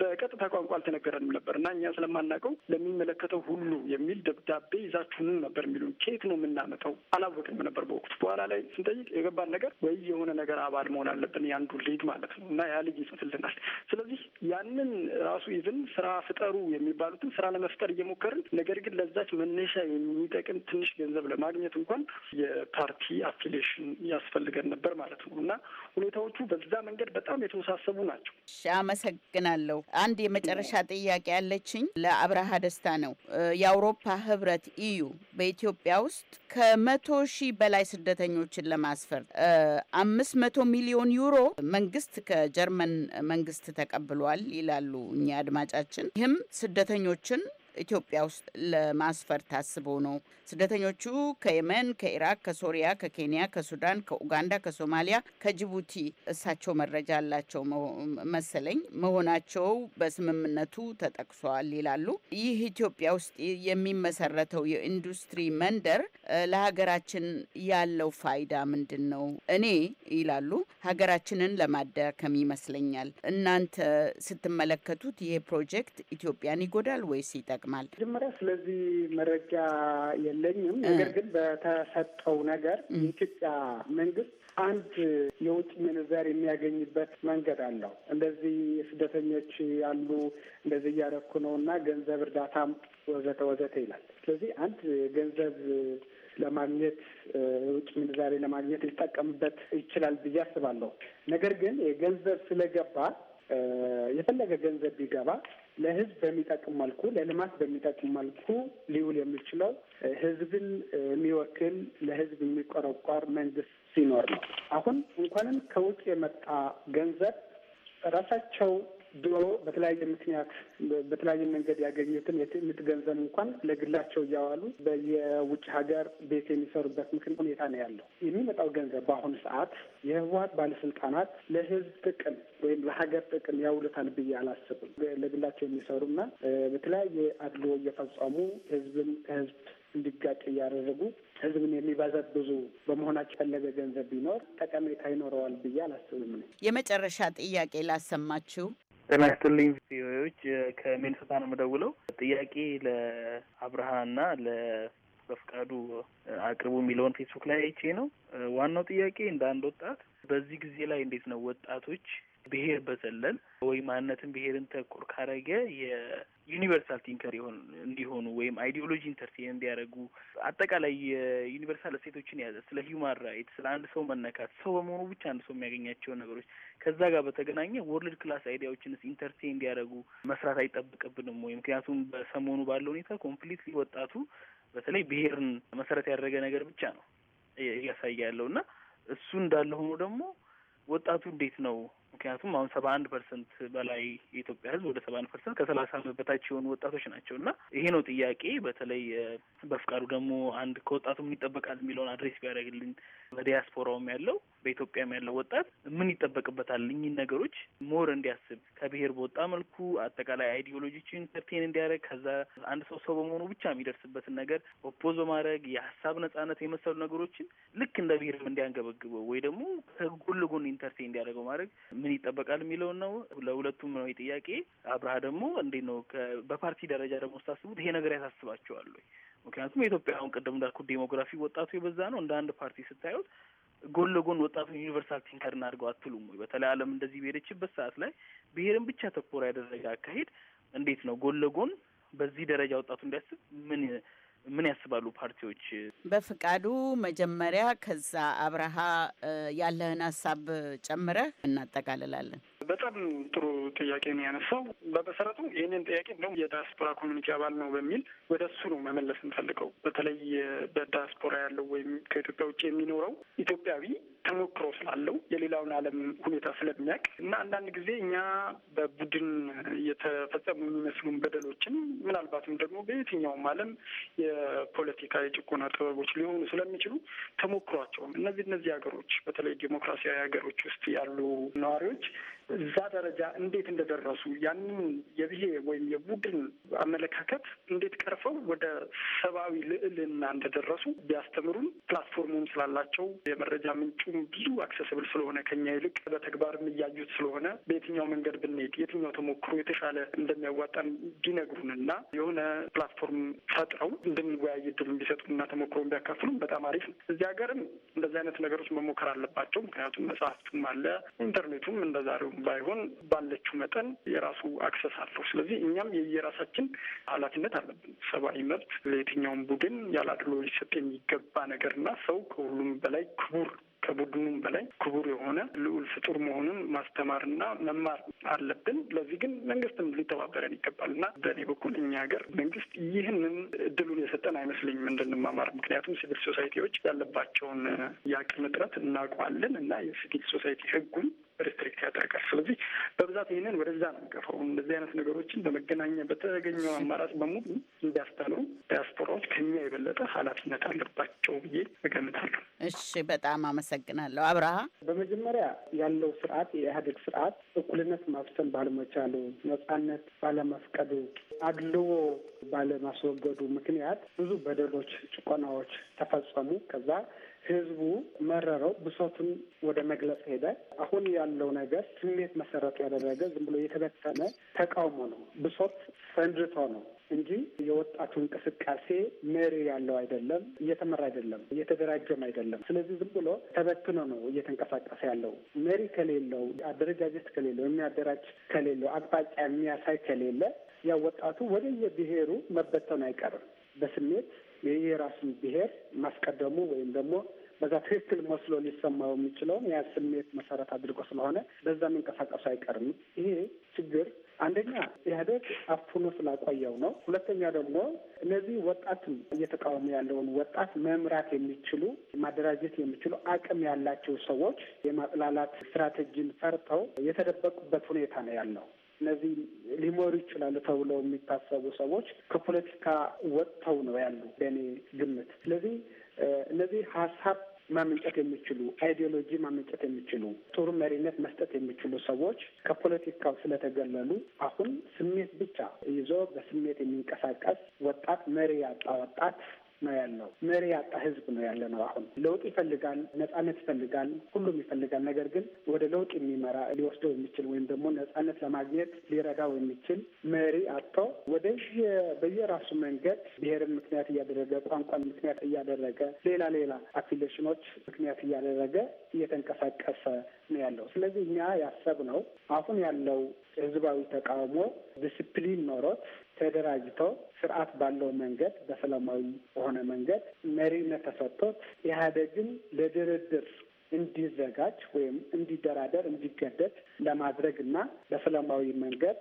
በቀጥታ ቋንቋ አልተነገረንም ነበር እና እኛ ስለማናውቀው ለሚመለከተው ሁሉ የሚል ደብዳቤ ይዛችሁ ነበር የሚሉን። ኬት ነው የምናመጣው? አላወቅንም ነበር በወቅቱ። በኋላ ላይ ስንጠይቅ የገባን ነገር ወይ የሆነ ነገር አባል መሆን አለብን የአንዱ ሊግ ማለት ነው እና ያ ልጅ ይጽፍልናል። ስለዚህ ያንን ራሱ ይዝን ስራ ፍጠሩ የሚባሉትን ስራ ለመፍጠር እየሞከርን ነገር ግን ለዛች መነሻ የሚጠቅም ትንሽ ገንዘብ ለማግኘት እንኳን የፓርቲ አፊ ሪኮንሲሊሽን ያስፈልገን ነበር ማለት ነው እና ሁኔታዎቹ በዛ መንገድ በጣም የተወሳሰቡ ናቸው። አመሰግናለሁ። አንድ የመጨረሻ ጥያቄ ያለችኝ ለአብርሃ ደስታ ነው። የአውሮፓ ህብረት ኢዩ በኢትዮጵያ ውስጥ ከመቶ ሺህ በላይ ስደተኞችን ለማስፈር አምስት መቶ ሚሊዮን ዩሮ መንግስት ከጀርመን መንግስት ተቀብሏል ይላሉ እኛ አድማጫችን። ይህም ስደተኞችን ኢትዮጵያ ውስጥ ለማስፈር ታስቦ ነው። ስደተኞቹ ከየመን፣ ከኢራቅ፣ ከሶሪያ፣ ከኬንያ፣ ከሱዳን፣ ከኡጋንዳ፣ ከሶማሊያ፣ ከጅቡቲ እሳቸው መረጃ አላቸው መሰለኝ መሆናቸው በስምምነቱ ተጠቅሷል ይላሉ። ይህ ኢትዮጵያ ውስጥ የሚመሰረተው የኢንዱስትሪ መንደር ለሀገራችን ያለው ፋይዳ ምንድን ነው? እኔ ይላሉ ሀገራችንን ለማዳከም ይመስለኛል። እናንተ ስትመለከቱት ይሄ ፕሮጀክት ኢትዮጵያን ይጎዳል ወይስ ይጠቅማል? ይጠቅማል? መጀመሪያ ስለዚህ መረጃ የለኝም። ነገር ግን በተሰጠው ነገር የኢትዮጵያ መንግስት አንድ የውጭ ምንዛሪ የሚያገኝበት መንገድ አለው። እንደዚህ ስደተኞች ያሉ እንደዚህ እያረኩ ነው እና ገንዘብ እርዳታ ወዘተ ወዘተ ይላል። ስለዚህ አንድ ገንዘብ ለማግኘት የውጭ ምንዛሪ ለማግኘት ሊጠቀምበት ይችላል ብዬ አስባለሁ። ነገር ግን ገንዘብ ስለገባ የፈለገ ገንዘብ ቢገባ ለህዝብ በሚጠቅም መልኩ ለልማት በሚጠቅም መልኩ ሊውል የሚችለው ህዝብን የሚወክል ለህዝብ የሚቆረቋር መንግስት ሲኖር ነው። አሁን እንኳንም ከውጭ የመጣ ገንዘብ ራሳቸው ዶሮ በተለያየ ምክንያት በተለያየ መንገድ ያገኙትን የትዕምት ገንዘብ እንኳን ለግላቸው እያዋሉ በየውጭ ሀገር ቤት የሚሰሩበት ምክን ሁኔታ ነው ያለው። የሚመጣው ገንዘብ በአሁኑ ሰዓት የህወሀት ባለስልጣናት ለህዝብ ጥቅም ወይም ለሀገር ጥቅም ያውሉታል ብዬ አላስብም። ለግላቸው የሚሰሩና በተለያየ አድሎ እየፈጸሙ ህዝብን ከህዝብ እንዲጋጭ እያደረጉ ህዝብን የሚበዘብዙ በመሆናቸው ፈለገ ገንዘብ ቢኖር ጠቀሜታ ይኖረዋል ብዬ አላስብም የመጨረሻ ጥያቄ ላሰማችሁ። ጤና ይስጥልኝ ቪኦኤዎች፣ ከሚኒሶታ ነው የምደውለው። ጥያቄ ለአብርሃና ለበፍቃዱ አቅርቡ የሚለውን ፌስቡክ ላይ አይቼ ነው። ዋናው ጥያቄ እንደ አንድ ወጣት በዚህ ጊዜ ላይ እንዴት ነው ወጣቶች ብሄር በዘለል ወይ ማንነትን ብሄርን ተኮር ካረገ የዩኒቨርሳል ቲንከር ሆን እንዲሆኑ ወይም አይዲዮሎጂ ኢንተርቴን እንዲያደርጉ አጠቃላይ የዩኒቨርሳል እሴቶችን የያዘ ስለ ሂውማን ራይት ስለ አንድ ሰው መነካት ሰው በመሆኑ ብቻ አንድ ሰው የሚያገኛቸው ነገሮች ከዛ ጋር በተገናኘ ወርልድ ክላስ አይዲያዎችንስ ኢንተርቴን እንዲያደርጉ መስራት አይጠብቅብንም ወይ? ምክንያቱም በሰሞኑ ባለው ሁኔታ ኮምፕሊትሊ ወጣቱ በተለይ ብሄርን መሰረት ያደረገ ነገር ብቻ ነው እያሳየ ያለው እና እሱ እንዳለ ሆኖ ደግሞ ወጣቱ እንዴት ነው ምክንያቱም አሁን ሰባ አንድ ፐርሰንት በላይ የኢትዮጵያ ህዝብ ወደ ሰባ አንድ ፐርሰንት ከሰላሳ ዓመት በታች የሆኑ ወጣቶች ናቸው እና ይሄ ነው ጥያቄ። በተለይ በፍቃዱ ደግሞ አንድ ከወጣቱ ምን ይጠበቃል የሚለውን አድሬስ ቢያደርግልን፣ በዲያስፖራውም ያለው በኢትዮጵያም ያለው ወጣት ምን ይጠበቅበታል እኚህን ነገሮች ሞር እንዲያስብ ከብሔር በወጣ መልኩ አጠቃላይ አይዲዮሎጂችን ሰርቴን እንዲያደርግ ከዛ አንድ ሰው ሰው በመሆኑ ብቻ የሚደርስበትን ነገር ኦፖዝ በማድረግ የሀሳብ ነጻነት የመሰሉ ነገሮችን ልክ እንደ ብሔርም እንዲያንገበግበው ወይ ደግሞ ከጎን ለጎን ኢንተርቴን እንዲያደርገው ማድረግ ምን ይጠበቃል የሚለውን ነው። ለሁለቱም ነው ጥያቄ። አብርሃ ደግሞ እንዴት ነው በፓርቲ ደረጃ ደግሞ ስታስቡት ይሄ ነገር ያሳስባቸዋል ወይ? ምክንያቱም የኢትዮጵያ አሁን ቅድም እንዳልኩት ዴሞግራፊ ወጣቱ የበዛ ነው። እንደ አንድ ፓርቲ ስታዩት ጎን ለጎን ወጣቱ ዩኒቨርሳል ቲንከር እናድርገው አትሉም ወይ? በተለይ ዓለም እንደዚህ በሄደችበት ሰዓት ላይ ብሔርን ብቻ ተኮር ያደረገ አካሄድ እንዴት ነው ጎን ለጎን በዚህ ደረጃ ወጣቱ እንዲያስብ ምን ምን ያስባሉ ፓርቲዎች? በፍቃዱ መጀመሪያ፣ ከዛ አብረሃ ያለህን ሀሳብ ጨምረህ እናጠቃልላለን። በጣም ጥሩ ጥያቄ ነው ያነሳው። በመሰረቱ ይህንን ጥያቄ እንደውም የዳያስፖራ ኮሚኒቲ አባል ነው በሚል ወደ እሱ ነው መመለስ እንፈልገው። በተለይ በዳያስፖራ ያለው ወይም ከኢትዮጵያ ውጭ የሚኖረው ኢትዮጵያዊ ተሞክሮ ስላለው የሌላውን ዓለም ሁኔታ ስለሚያውቅ እና አንዳንድ ጊዜ እኛ በቡድን የተፈጸሙ የሚመስሉን በደሎችን ምናልባትም ደግሞ በየትኛውም ዓለም የፖለቲካ የጭቆና ጥበቦች ሊሆኑ ስለሚችሉ ተሞክሯቸውም እነዚህ እነዚህ ሀገሮች በተለይ ዴሞክራሲያዊ ሀገሮች ውስጥ ያሉ ነዋሪዎች እዛ ደረጃ እንዴት እንደደረሱ ያንን የብሄ ወይም የቡድን አመለካከት እንዴት ቀርፈው ወደ ሰብአዊ ልዕልና እንደደረሱ ቢያስተምሩን ፕላትፎርሙም ስላላቸው የመረጃ ምንጩም ብዙ አክሰስብል ስለሆነ ከኛ ይልቅ በተግባርም እያዩት ስለሆነ በየትኛው መንገድ ብንሄድ የትኛው ተሞክሮ የተሻለ እንደሚያዋጣን ቢነግሩን እና የሆነ ፕላትፎርም ፈጥረው እንድንወያይ ቢሰጡና ተሞክሮ ቢያካፍሉም በጣም አሪፍ ነው። እዚህ ሀገርም እንደዚህ አይነት ነገሮች መሞከር አለባቸው። ምክንያቱም መጽሐፍቱም አለ ኢንተርኔቱም እንደዛሬው ባይሆን ባለችው መጠን የራሱ አክሰስ አለው። ስለዚህ እኛም የየራሳችን ኃላፊነት አለብን። ሰብአዊ መብት ለየትኛውም ቡድን ያላድሎ ሊሰጥ የሚገባ ነገርና ሰው ከሁሉም በላይ ክቡር ከቡድኑም በላይ ክቡር የሆነ ልዑል ፍጡር መሆኑን ማስተማርና መማር አለብን። ለዚህ ግን መንግስትም ሊተባበረን ይገባል እና በእኔ በኩል እኛ ሀገር መንግስት ይህንን እድሉን የሰጠን አይመስለኝም እንድንማማር። ምክንያቱም ሲቪል ሶሳይቲዎች ያለባቸውን የአቅም እጥረት እናውቀዋለን እና የሲቪል ሶሳይቲ ህጉን ሪስትሪክት ያደርጋል። ስለዚህ በብዛት ይህንን ወደዛ ነው የሚገፋው። እንደዚህ አይነት ነገሮችን በመገናኛ በተገኘው አማራጭ በሙሉ እንዲያስተሉ ዲያስፖራዎች ከኛ የበለጠ ኃላፊነት አለባቸው ብዬ እገምታለሁ። እሺ፣ በጣም አመሰግናለሁ አብርሃ። በመጀመሪያ ያለው ስርዓት የኢህአዴግ ስርዓት እኩልነት ማስፈን ባለመቻሉ፣ ነጻነት ባለመፍቀዱ፣ አድልዎ ባለማስወገዱ ምክንያት ብዙ በደሎች፣ ጭቆናዎች ተፈጸሙ። ከዛ ህዝቡ መረረው፣ ብሶቱን ወደ መግለጽ ሄደ። አሁን ያለው ነገር ስሜት መሰረት ያደረገ ዝም ብሎ የተበተነ ተቃውሞ ነው። ብሶት ፈንድቶ ነው እንጂ የወጣቱ እንቅስቃሴ መሪ ያለው አይደለም፣ እየተመራ አይደለም፣ እየተደራጀም አይደለም። ስለዚህ ዝም ብሎ ተበትኖ ነው እየተንቀሳቀሰ ያለው። መሪ ከሌለው፣ አደረጃጀት ከሌለው፣ የሚያደራጅ ከሌለው፣ አቅጣጫ የሚያሳይ ከሌለ ያ ወጣቱ ወደየብሔሩ መበተኑ አይቀርም በስሜት የራስን ብሔር ማስቀደሙ ወይም ደግሞ በዛ ትክክል መስሎ ሊሰማው የሚችለውን ያ ስሜት መሰረት አድርጎ ስለሆነ በዛ መንቀሳቀሱ አይቀርም። ይሄ ችግር አንደኛ ኢህአዴግ አፍኖ ስላቆየው ነው። ሁለተኛ ደግሞ እነዚህ ወጣትም እየተቃወሙ ያለውን ወጣት መምራት የሚችሉ ማደራጀት የሚችሉ አቅም ያላቸው ሰዎች የማጥላላት ስትራቴጂን ፈርተው የተደበቁበት ሁኔታ ነው ያለው። እነዚህ ሊመሩ ይችላሉ ተብለው የሚታሰቡ ሰዎች ከፖለቲካ ወጥተው ነው ያሉ በእኔ ግምት። ስለዚህ እነዚህ ሀሳብ ማመንጨት የሚችሉ አይዲዮሎጂ ማመንጨት የሚችሉ ጥሩ መሪነት መስጠት የሚችሉ ሰዎች ከፖለቲካው ስለተገለሉ አሁን ስሜት ብቻ ይዞ በስሜት የሚንቀሳቀስ ወጣት መሪ ያጣ ወጣት ነው ያለው። መሪ ያጣ ህዝብ ነው ያለ ነው። አሁን ለውጥ ይፈልጋል፣ ነጻነት ይፈልጋል፣ ሁሉም ይፈልጋል። ነገር ግን ወደ ለውጥ የሚመራ ሊወስደው የሚችል ወይም ደግሞ ነጻነት ለማግኘት ሊረዳው የሚችል መሪ አጥቶ ወደ በየራሱ መንገድ ብሔርን ምክንያት እያደረገ ቋንቋን ምክንያት እያደረገ ሌላ ሌላ አፊሌሽኖች ምክንያት እያደረገ እየተንቀሳቀሰ ነው ያለው። ስለዚህ እኛ ያሰብነው አሁን ያለው ህዝባዊ ተቃውሞ ዲስፕሊን ኖሮት ተደራጅተው ስርዓት ባለው መንገድ በሰላማዊ በሆነ መንገድ መሪነት ተሰጥቶት ኢህአዴግን ለድርድር እንዲዘጋጅ ወይም እንዲደራደር እንዲገደድ ለማድረግ እና በሰላማዊ መንገድ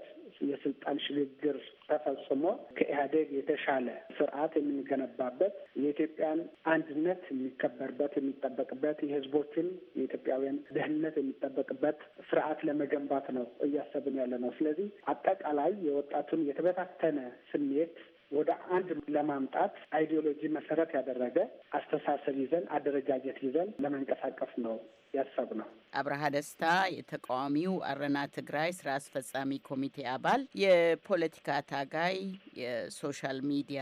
የስልጣን ሽግግር ተፈጽሞ ከኢህአዴግ የተሻለ ስርዓት የምንገነባበት የኢትዮጵያን አንድነት የሚከበርበት የሚጠበቅበት የህዝቦችን የኢትዮጵያውያን ደህንነት የሚጠበቅበት ስርዓት ለመገንባት ነው እያሰብን ያለ ነው። ስለዚህ አጠቃላይ የወጣቱን የተበታተነ ስሜት ወደ አንድ ለማምጣት አይዲዮሎጂ መሰረት ያደረገ አስተሳሰብ ይዘን አደረጃጀት ይዘን ለመንቀሳቀስ ነው ያሰብ ነው። አብርሃ ደስታ የተቃዋሚው አረና ትግራይ ስራ አስፈጻሚ ኮሚቴ አባል፣ የፖለቲካ ታጋይ፣ የሶሻል ሚዲያ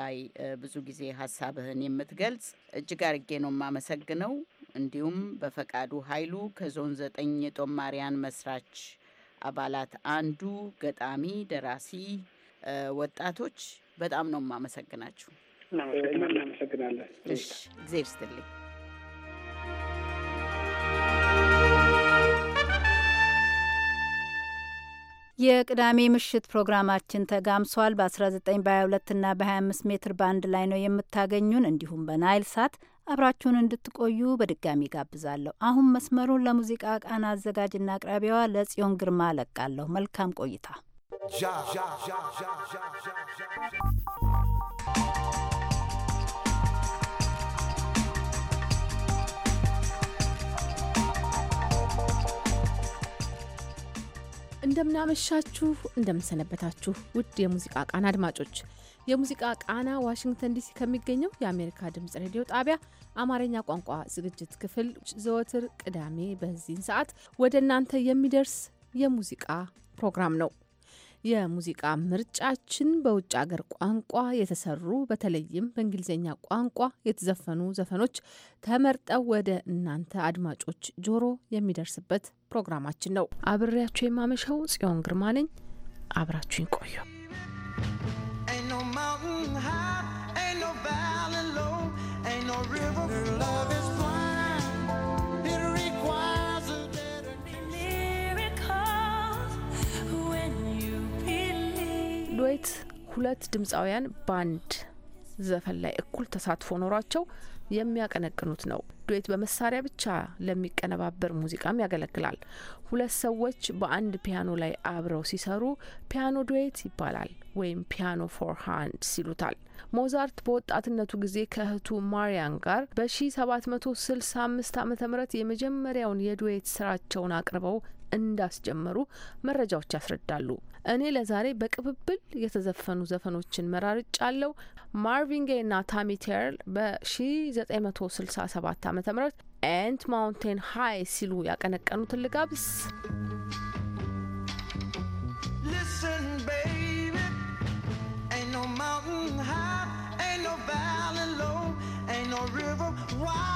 ላይ ብዙ ጊዜ ሀሳብህን የምትገልጽ እጅግ አርጌ ነው የማመሰግነው። እንዲሁም በፈቃዱ ኃይሉ ከዞን ዘጠኝ የጦማሪያን መስራች አባላት አንዱ ገጣሚ፣ ደራሲ ወጣቶች በጣም ነው የማመሰግናችሁ። እናመሰግናለን። እግዜር ይስጥልኝ። የቅዳሜ ምሽት ፕሮግራማችን ተጋምሷል። በ19 በ22 እና በ25 ሜትር ባንድ ላይ ነው የምታገኙን። እንዲሁም በናይል ሳት አብራችሁን እንድትቆዩ በድጋሚ ጋብዛለሁ። አሁን መስመሩን ለሙዚቃ ቃና አዘጋጅና አቅራቢዋ ለጽዮን ግርማ ለቃለሁ። መልካም ቆይታ já, já, já, já, já, já, já, já. እንደምናመሻችሁ እንደምንሰነበታችሁ ውድ የሙዚቃ ቃና አድማጮች፣ የሙዚቃ ቃና ዋሽንግተን ዲሲ ከሚገኘው የአሜሪካ ድምጽ ሬዲዮ ጣቢያ አማርኛ ቋንቋ ዝግጅት ክፍል ዘወትር ቅዳሜ በዚህን ሰዓት ወደ እናንተ የሚደርስ የሙዚቃ ፕሮግራም ነው። የሙዚቃ ምርጫችን በውጭ አገር ቋንቋ የተሰሩ በተለይም በእንግሊዝኛ ቋንቋ የተዘፈኑ ዘፈኖች ተመርጠው ወደ እናንተ አድማጮች ጆሮ የሚደርስበት ፕሮግራማችን ነው። አብሬያቸው የማመሻው ጽዮን ግርማ ነኝ። አብራችሁኝ ቆዩ። በፊት ሁለት ድምፃውያን በአንድ ዘፈን ላይ እኩል ተሳትፎ ኖሯቸው የሚያቀነቅኑት ነው። ዱዌት በመሳሪያ ብቻ ለሚቀነባበር ሙዚቃም ያገለግላል። ሁለት ሰዎች በአንድ ፒያኖ ላይ አብረው ሲሰሩ ፒያኖ ዱዌት ይባላል። ወይም ፒያኖ ፎር ሃንድ ሲሉታል። ሞዛርት በወጣትነቱ ጊዜ ከእህቱ ማሪያን ጋር በ1765 ዓ ም የመጀመሪያውን የዱዌት ስራቸውን አቅርበው እንዳስጀመሩ መረጃዎች ያስረዳሉ። እኔ ለዛሬ በቅብብል የተዘፈኑ ዘፈኖችን መራርጫ አለው። ማርቪን ጌይ እና ታሚ ቴርል በ1967 ዓ ም ኤንት ማውንቴን ሃይ ሲሉ ያቀነቀኑትን ልጋብዝ። Listen, baby. try.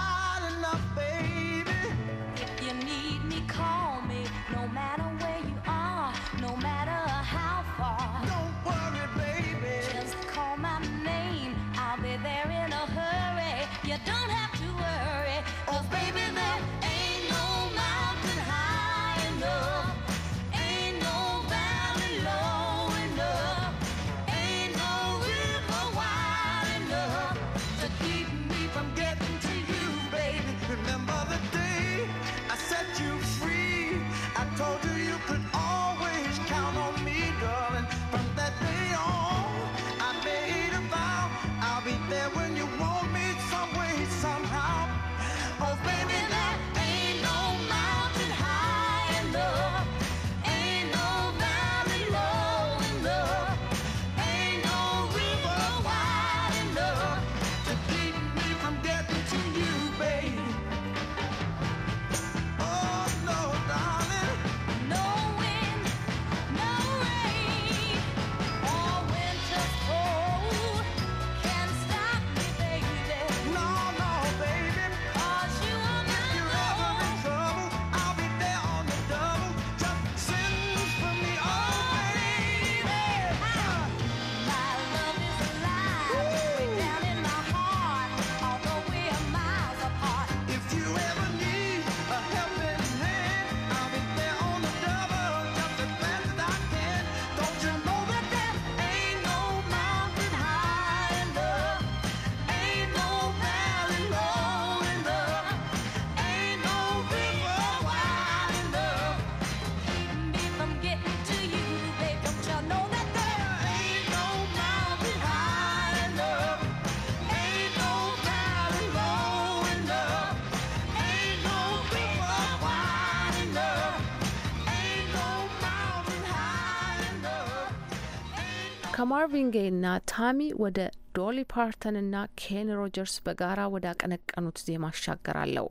ከማርቪን ጌይና ታሚ ወደ ዶሊ ፓርተንና ኬን ሮጀርስ በጋራ ወዳቀነቀኑት ዜማ አሻገራለሁ።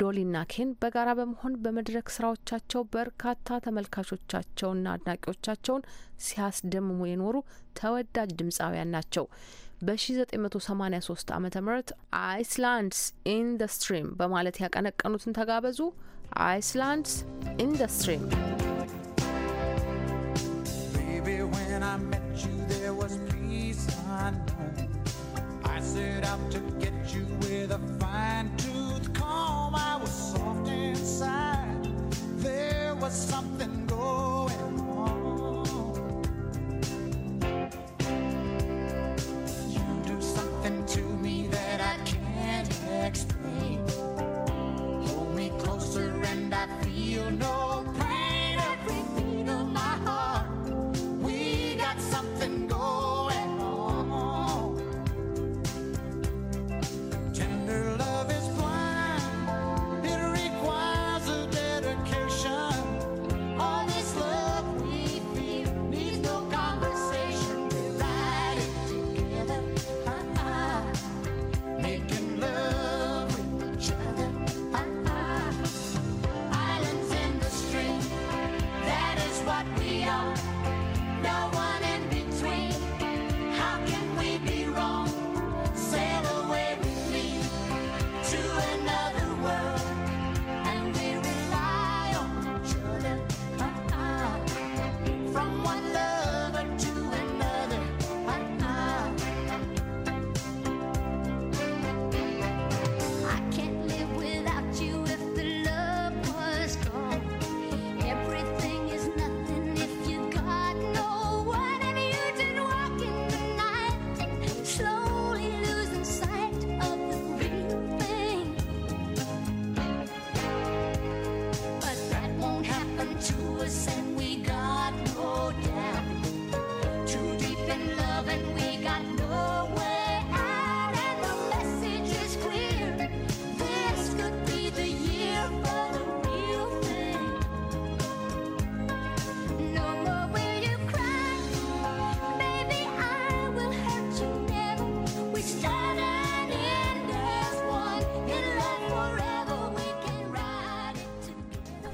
ዶሊና ኬን በጋራ በመሆን በመድረክ ስራዎቻቸው በርካታ ተመልካቾቻቸውና አድናቂዎቻቸውን ሲያስደምሙ የኖሩ ተወዳጅ ድምፃውያን ናቸው። በ1983 ዓ ም አይስላንድስ ኢንደስትሪም በማለት ያቀነቀኑትን ተጋበዙ። አይስላንድስ ኢንደስትሪም there was peace unknown. I set out to get you with a fine tooth comb. I was soft inside. There was something going on. You do something to me that I can't explain. Hold me closer and I feel no.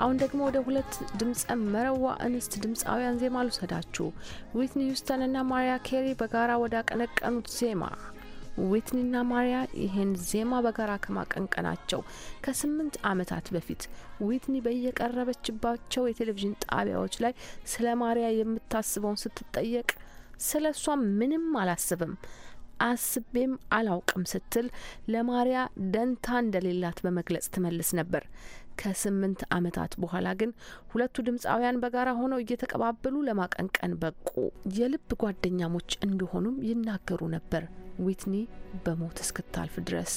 አሁን ደግሞ ወደ ሁለት ድምጸ መረዋ እንስት ድምፃውያን ዜማ ልውሰዳችሁ። ዊትኒ ሂውስተን እና ማሪያ ኬሪ በጋራ ወዳቀነቀኑት ዜማ ዊትኒና ማሪያ ይህን ዜማ በጋራ ከማቀንቀናቸው ከስምንት ዓመታት በፊት ዊትኒ በየቀረበችባቸው የቴሌቪዥን ጣቢያዎች ላይ ስለ ማሪያ የምታስበውን ስትጠየቅ ስለ እሷ ምንም አላስብም አስቤም አላውቅም ስትል ለማሪያ ደንታ እንደሌላት በመግለጽ ትመልስ ነበር። ከስምንት ዓመታት በኋላ ግን ሁለቱ ድምፃውያን በጋራ ሆነው እየተቀባበሉ ለማቀንቀን በቁ። የልብ ጓደኛሞች እንደሆኑም ይናገሩ ነበር ዊትኒ በሞት እስክታልፍ ድረስ።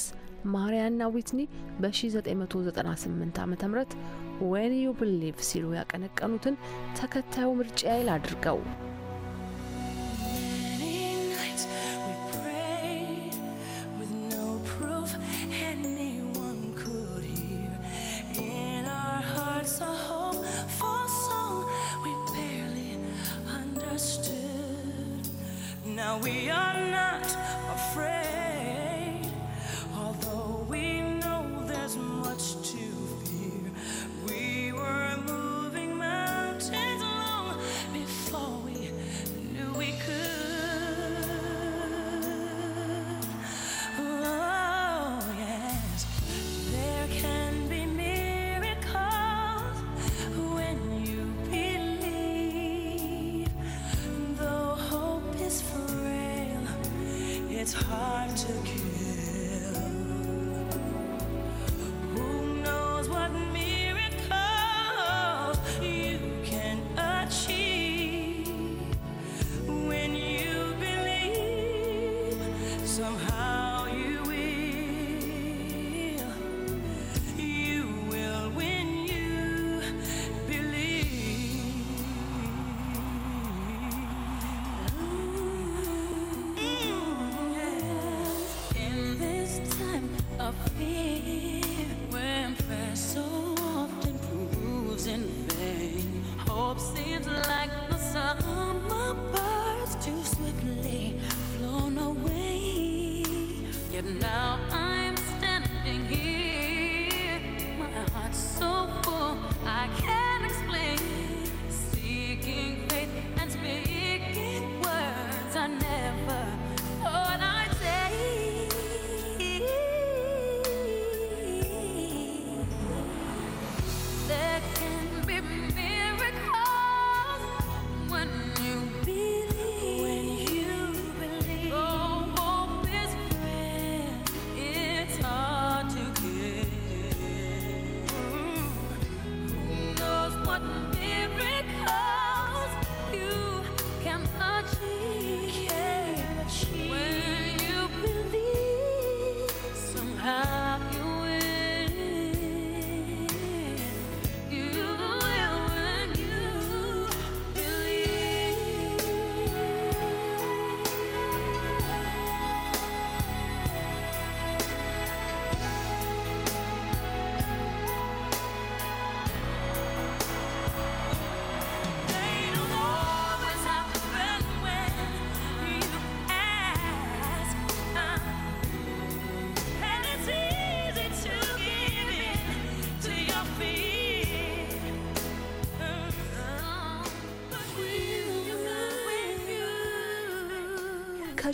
ማሪያና ዊትኒ በ1998 ዓ ም ዌን ዩ ብሊቭ ሲሉ ያቀነቀኑትን ተከታዩ ምርጫ ይል አድርገው we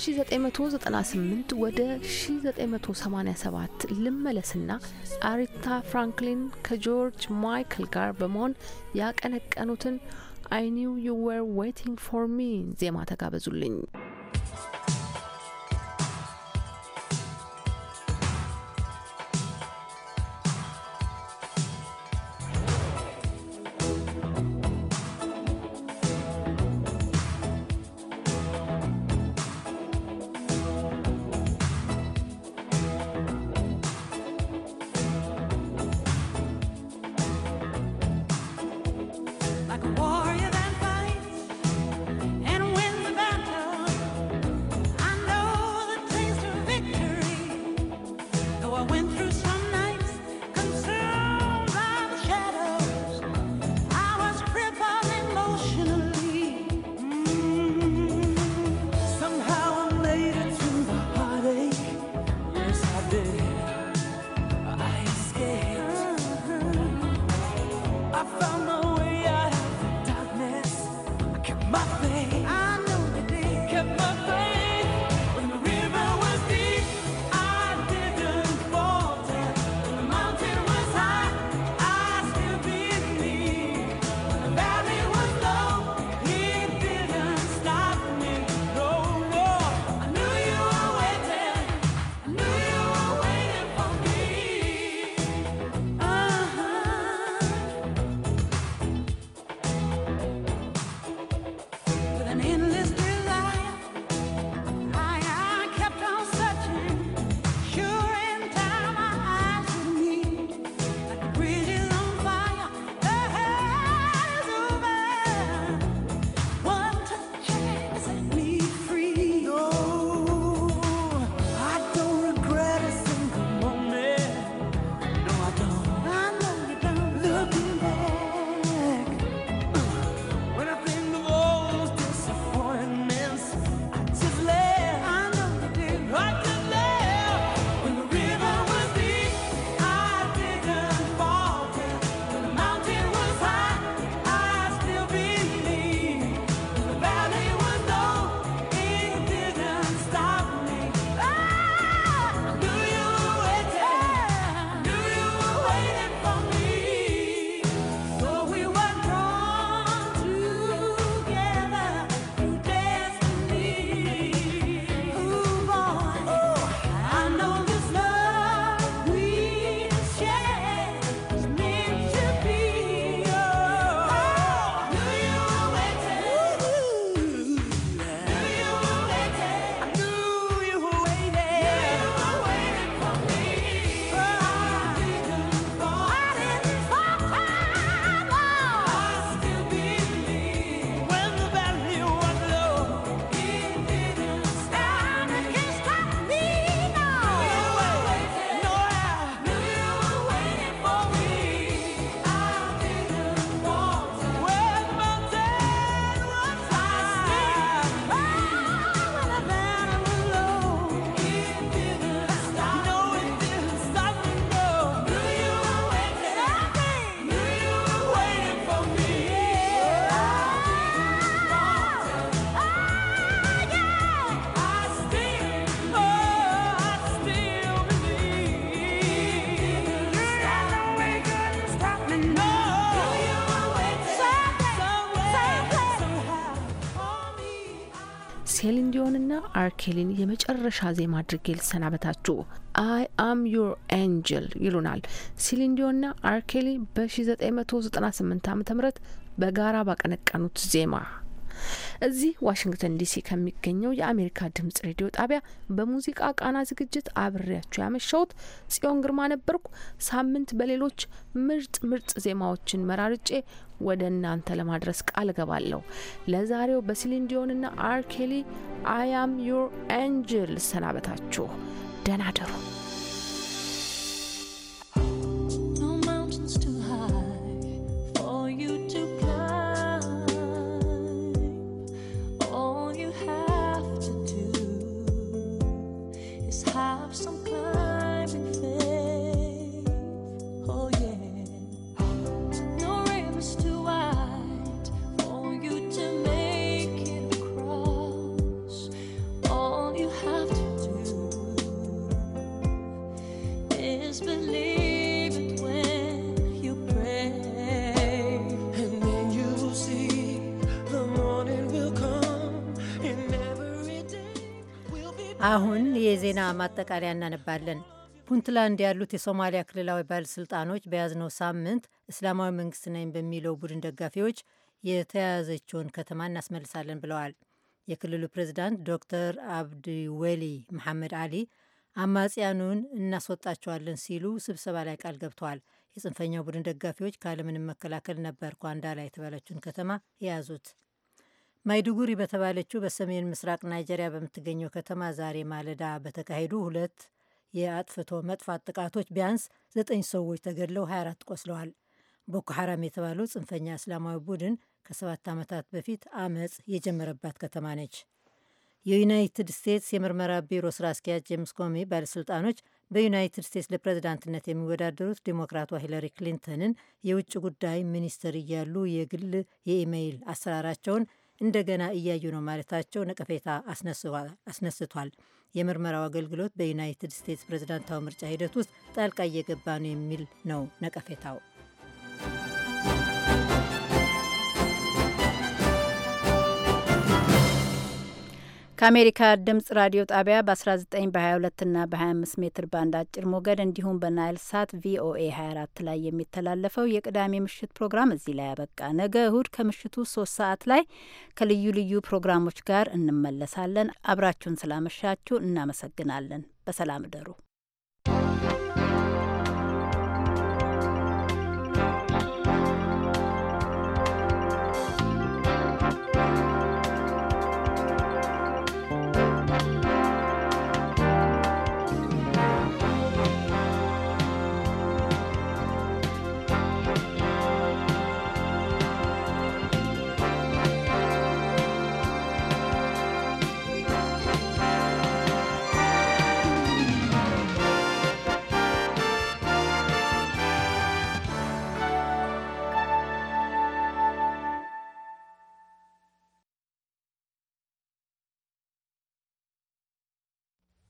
1998 ወደ 1987 ልመለስና አሪታ ፍራንክሊን ከጆርጅ ማይክል ጋር በመሆን ያቀነቀኑትን አይ ኒው ዩ ዌር ዌቲንግ ፎር ሚ ዜማ ተጋበዙልኝ። አርኬሊን የመጨረሻ ዜማ አድርጌ ልሰናበታችሁ። አይ አም ዩር ኤንጀል ይሉናል ሲሊን ዲዮንና አርኬሊ በ1998 ዓ ም በጋራ ባቀነቀኑት ዜማ እዚህ ዋሽንግተን ዲሲ ከሚገኘው የአሜሪካ ድምጽ ሬዲዮ ጣቢያ በሙዚቃ ቃና ዝግጅት አብሬያችሁ ያመሸሁት ጽዮን ግርማ ነበርኩ። ሳምንት በሌሎች ምርጥ ምርጥ ዜማዎችን መራርጬ ወደ እናንተ ለማድረስ ቃል እገባለሁ። ለዛሬው በሲሊን ዲዮንና አር ኬሊ አይ አም ዮር አንጀል ሰናበታችሁ። ደናደሩ ደሩ። አሁን የዜና ማጠቃለያ እናነባለን። ፑንትላንድ ያሉት የሶማሊያ ክልላዊ ባለሥልጣኖች በያዝነው ሳምንት እስላማዊ መንግስት ነኝ በሚለው ቡድን ደጋፊዎች የተያያዘችውን ከተማ እናስመልሳለን ብለዋል። የክልሉ ፕሬዚዳንት ዶክተር ወሊ መሐመድ አሊ አማጽያኑን እናስወጣቸዋለን ሲሉ ስብሰባ ላይ ቃል ገብተዋል። የጽንፈኛው ቡድን ደጋፊዎች ካለምንም መከላከል ነበር ኳንዳ ላይ የተባለችውን ከተማ የያዙት። ማይዱጉሪ በተባለችው በሰሜን ምስራቅ ናይጄሪያ በምትገኘው ከተማ ዛሬ ማለዳ በተካሄዱ ሁለት የአጥፍቶ መጥፋት ጥቃቶች ቢያንስ ዘጠኝ ሰዎች ተገድለው 24 ቆስለዋል። ቦኮ ሐራም የተባለው ጽንፈኛ እስላማዊ ቡድን ከሰባት ዓመታት በፊት አመፅ የጀመረባት ከተማ ነች። የዩናይትድ ስቴትስ የምርመራ ቢሮ ስራ አስኪያጅ ጄምስ ኮሚ ባለሥልጣኖች በዩናይትድ ስቴትስ ለፕሬዝዳንትነት የሚወዳደሩት ዲሞክራቷ ሂለሪ ክሊንተንን የውጭ ጉዳይ ሚኒስትር እያሉ የግል የኢሜይል አሰራራቸውን እንደገና እያዩ ነው ማለታቸው ነቀፌታ አስነስቷል። የምርመራው አገልግሎት በዩናይትድ ስቴትስ ፕሬዝዳንታዊ ምርጫ ሂደት ውስጥ ጣልቃ እየገባ ነው የሚል ነው ነቀፌታው። ከአሜሪካ ድምጽ ራዲዮ ጣቢያ በ19 በ22 እና በ25 ሜትር ባንድ አጭር ሞገድ እንዲሁም በናይል ሳት ቪኦኤ 24 ላይ የሚተላለፈው የቅዳሜ ምሽት ፕሮግራም እዚህ ላይ ያበቃ። ነገ እሁድ ከምሽቱ ሶስት ሰዓት ላይ ከልዩ ልዩ ፕሮግራሞች ጋር እንመለሳለን። አብራችሁን ስላመሻችሁ እናመሰግናለን። በሰላም እደሩ።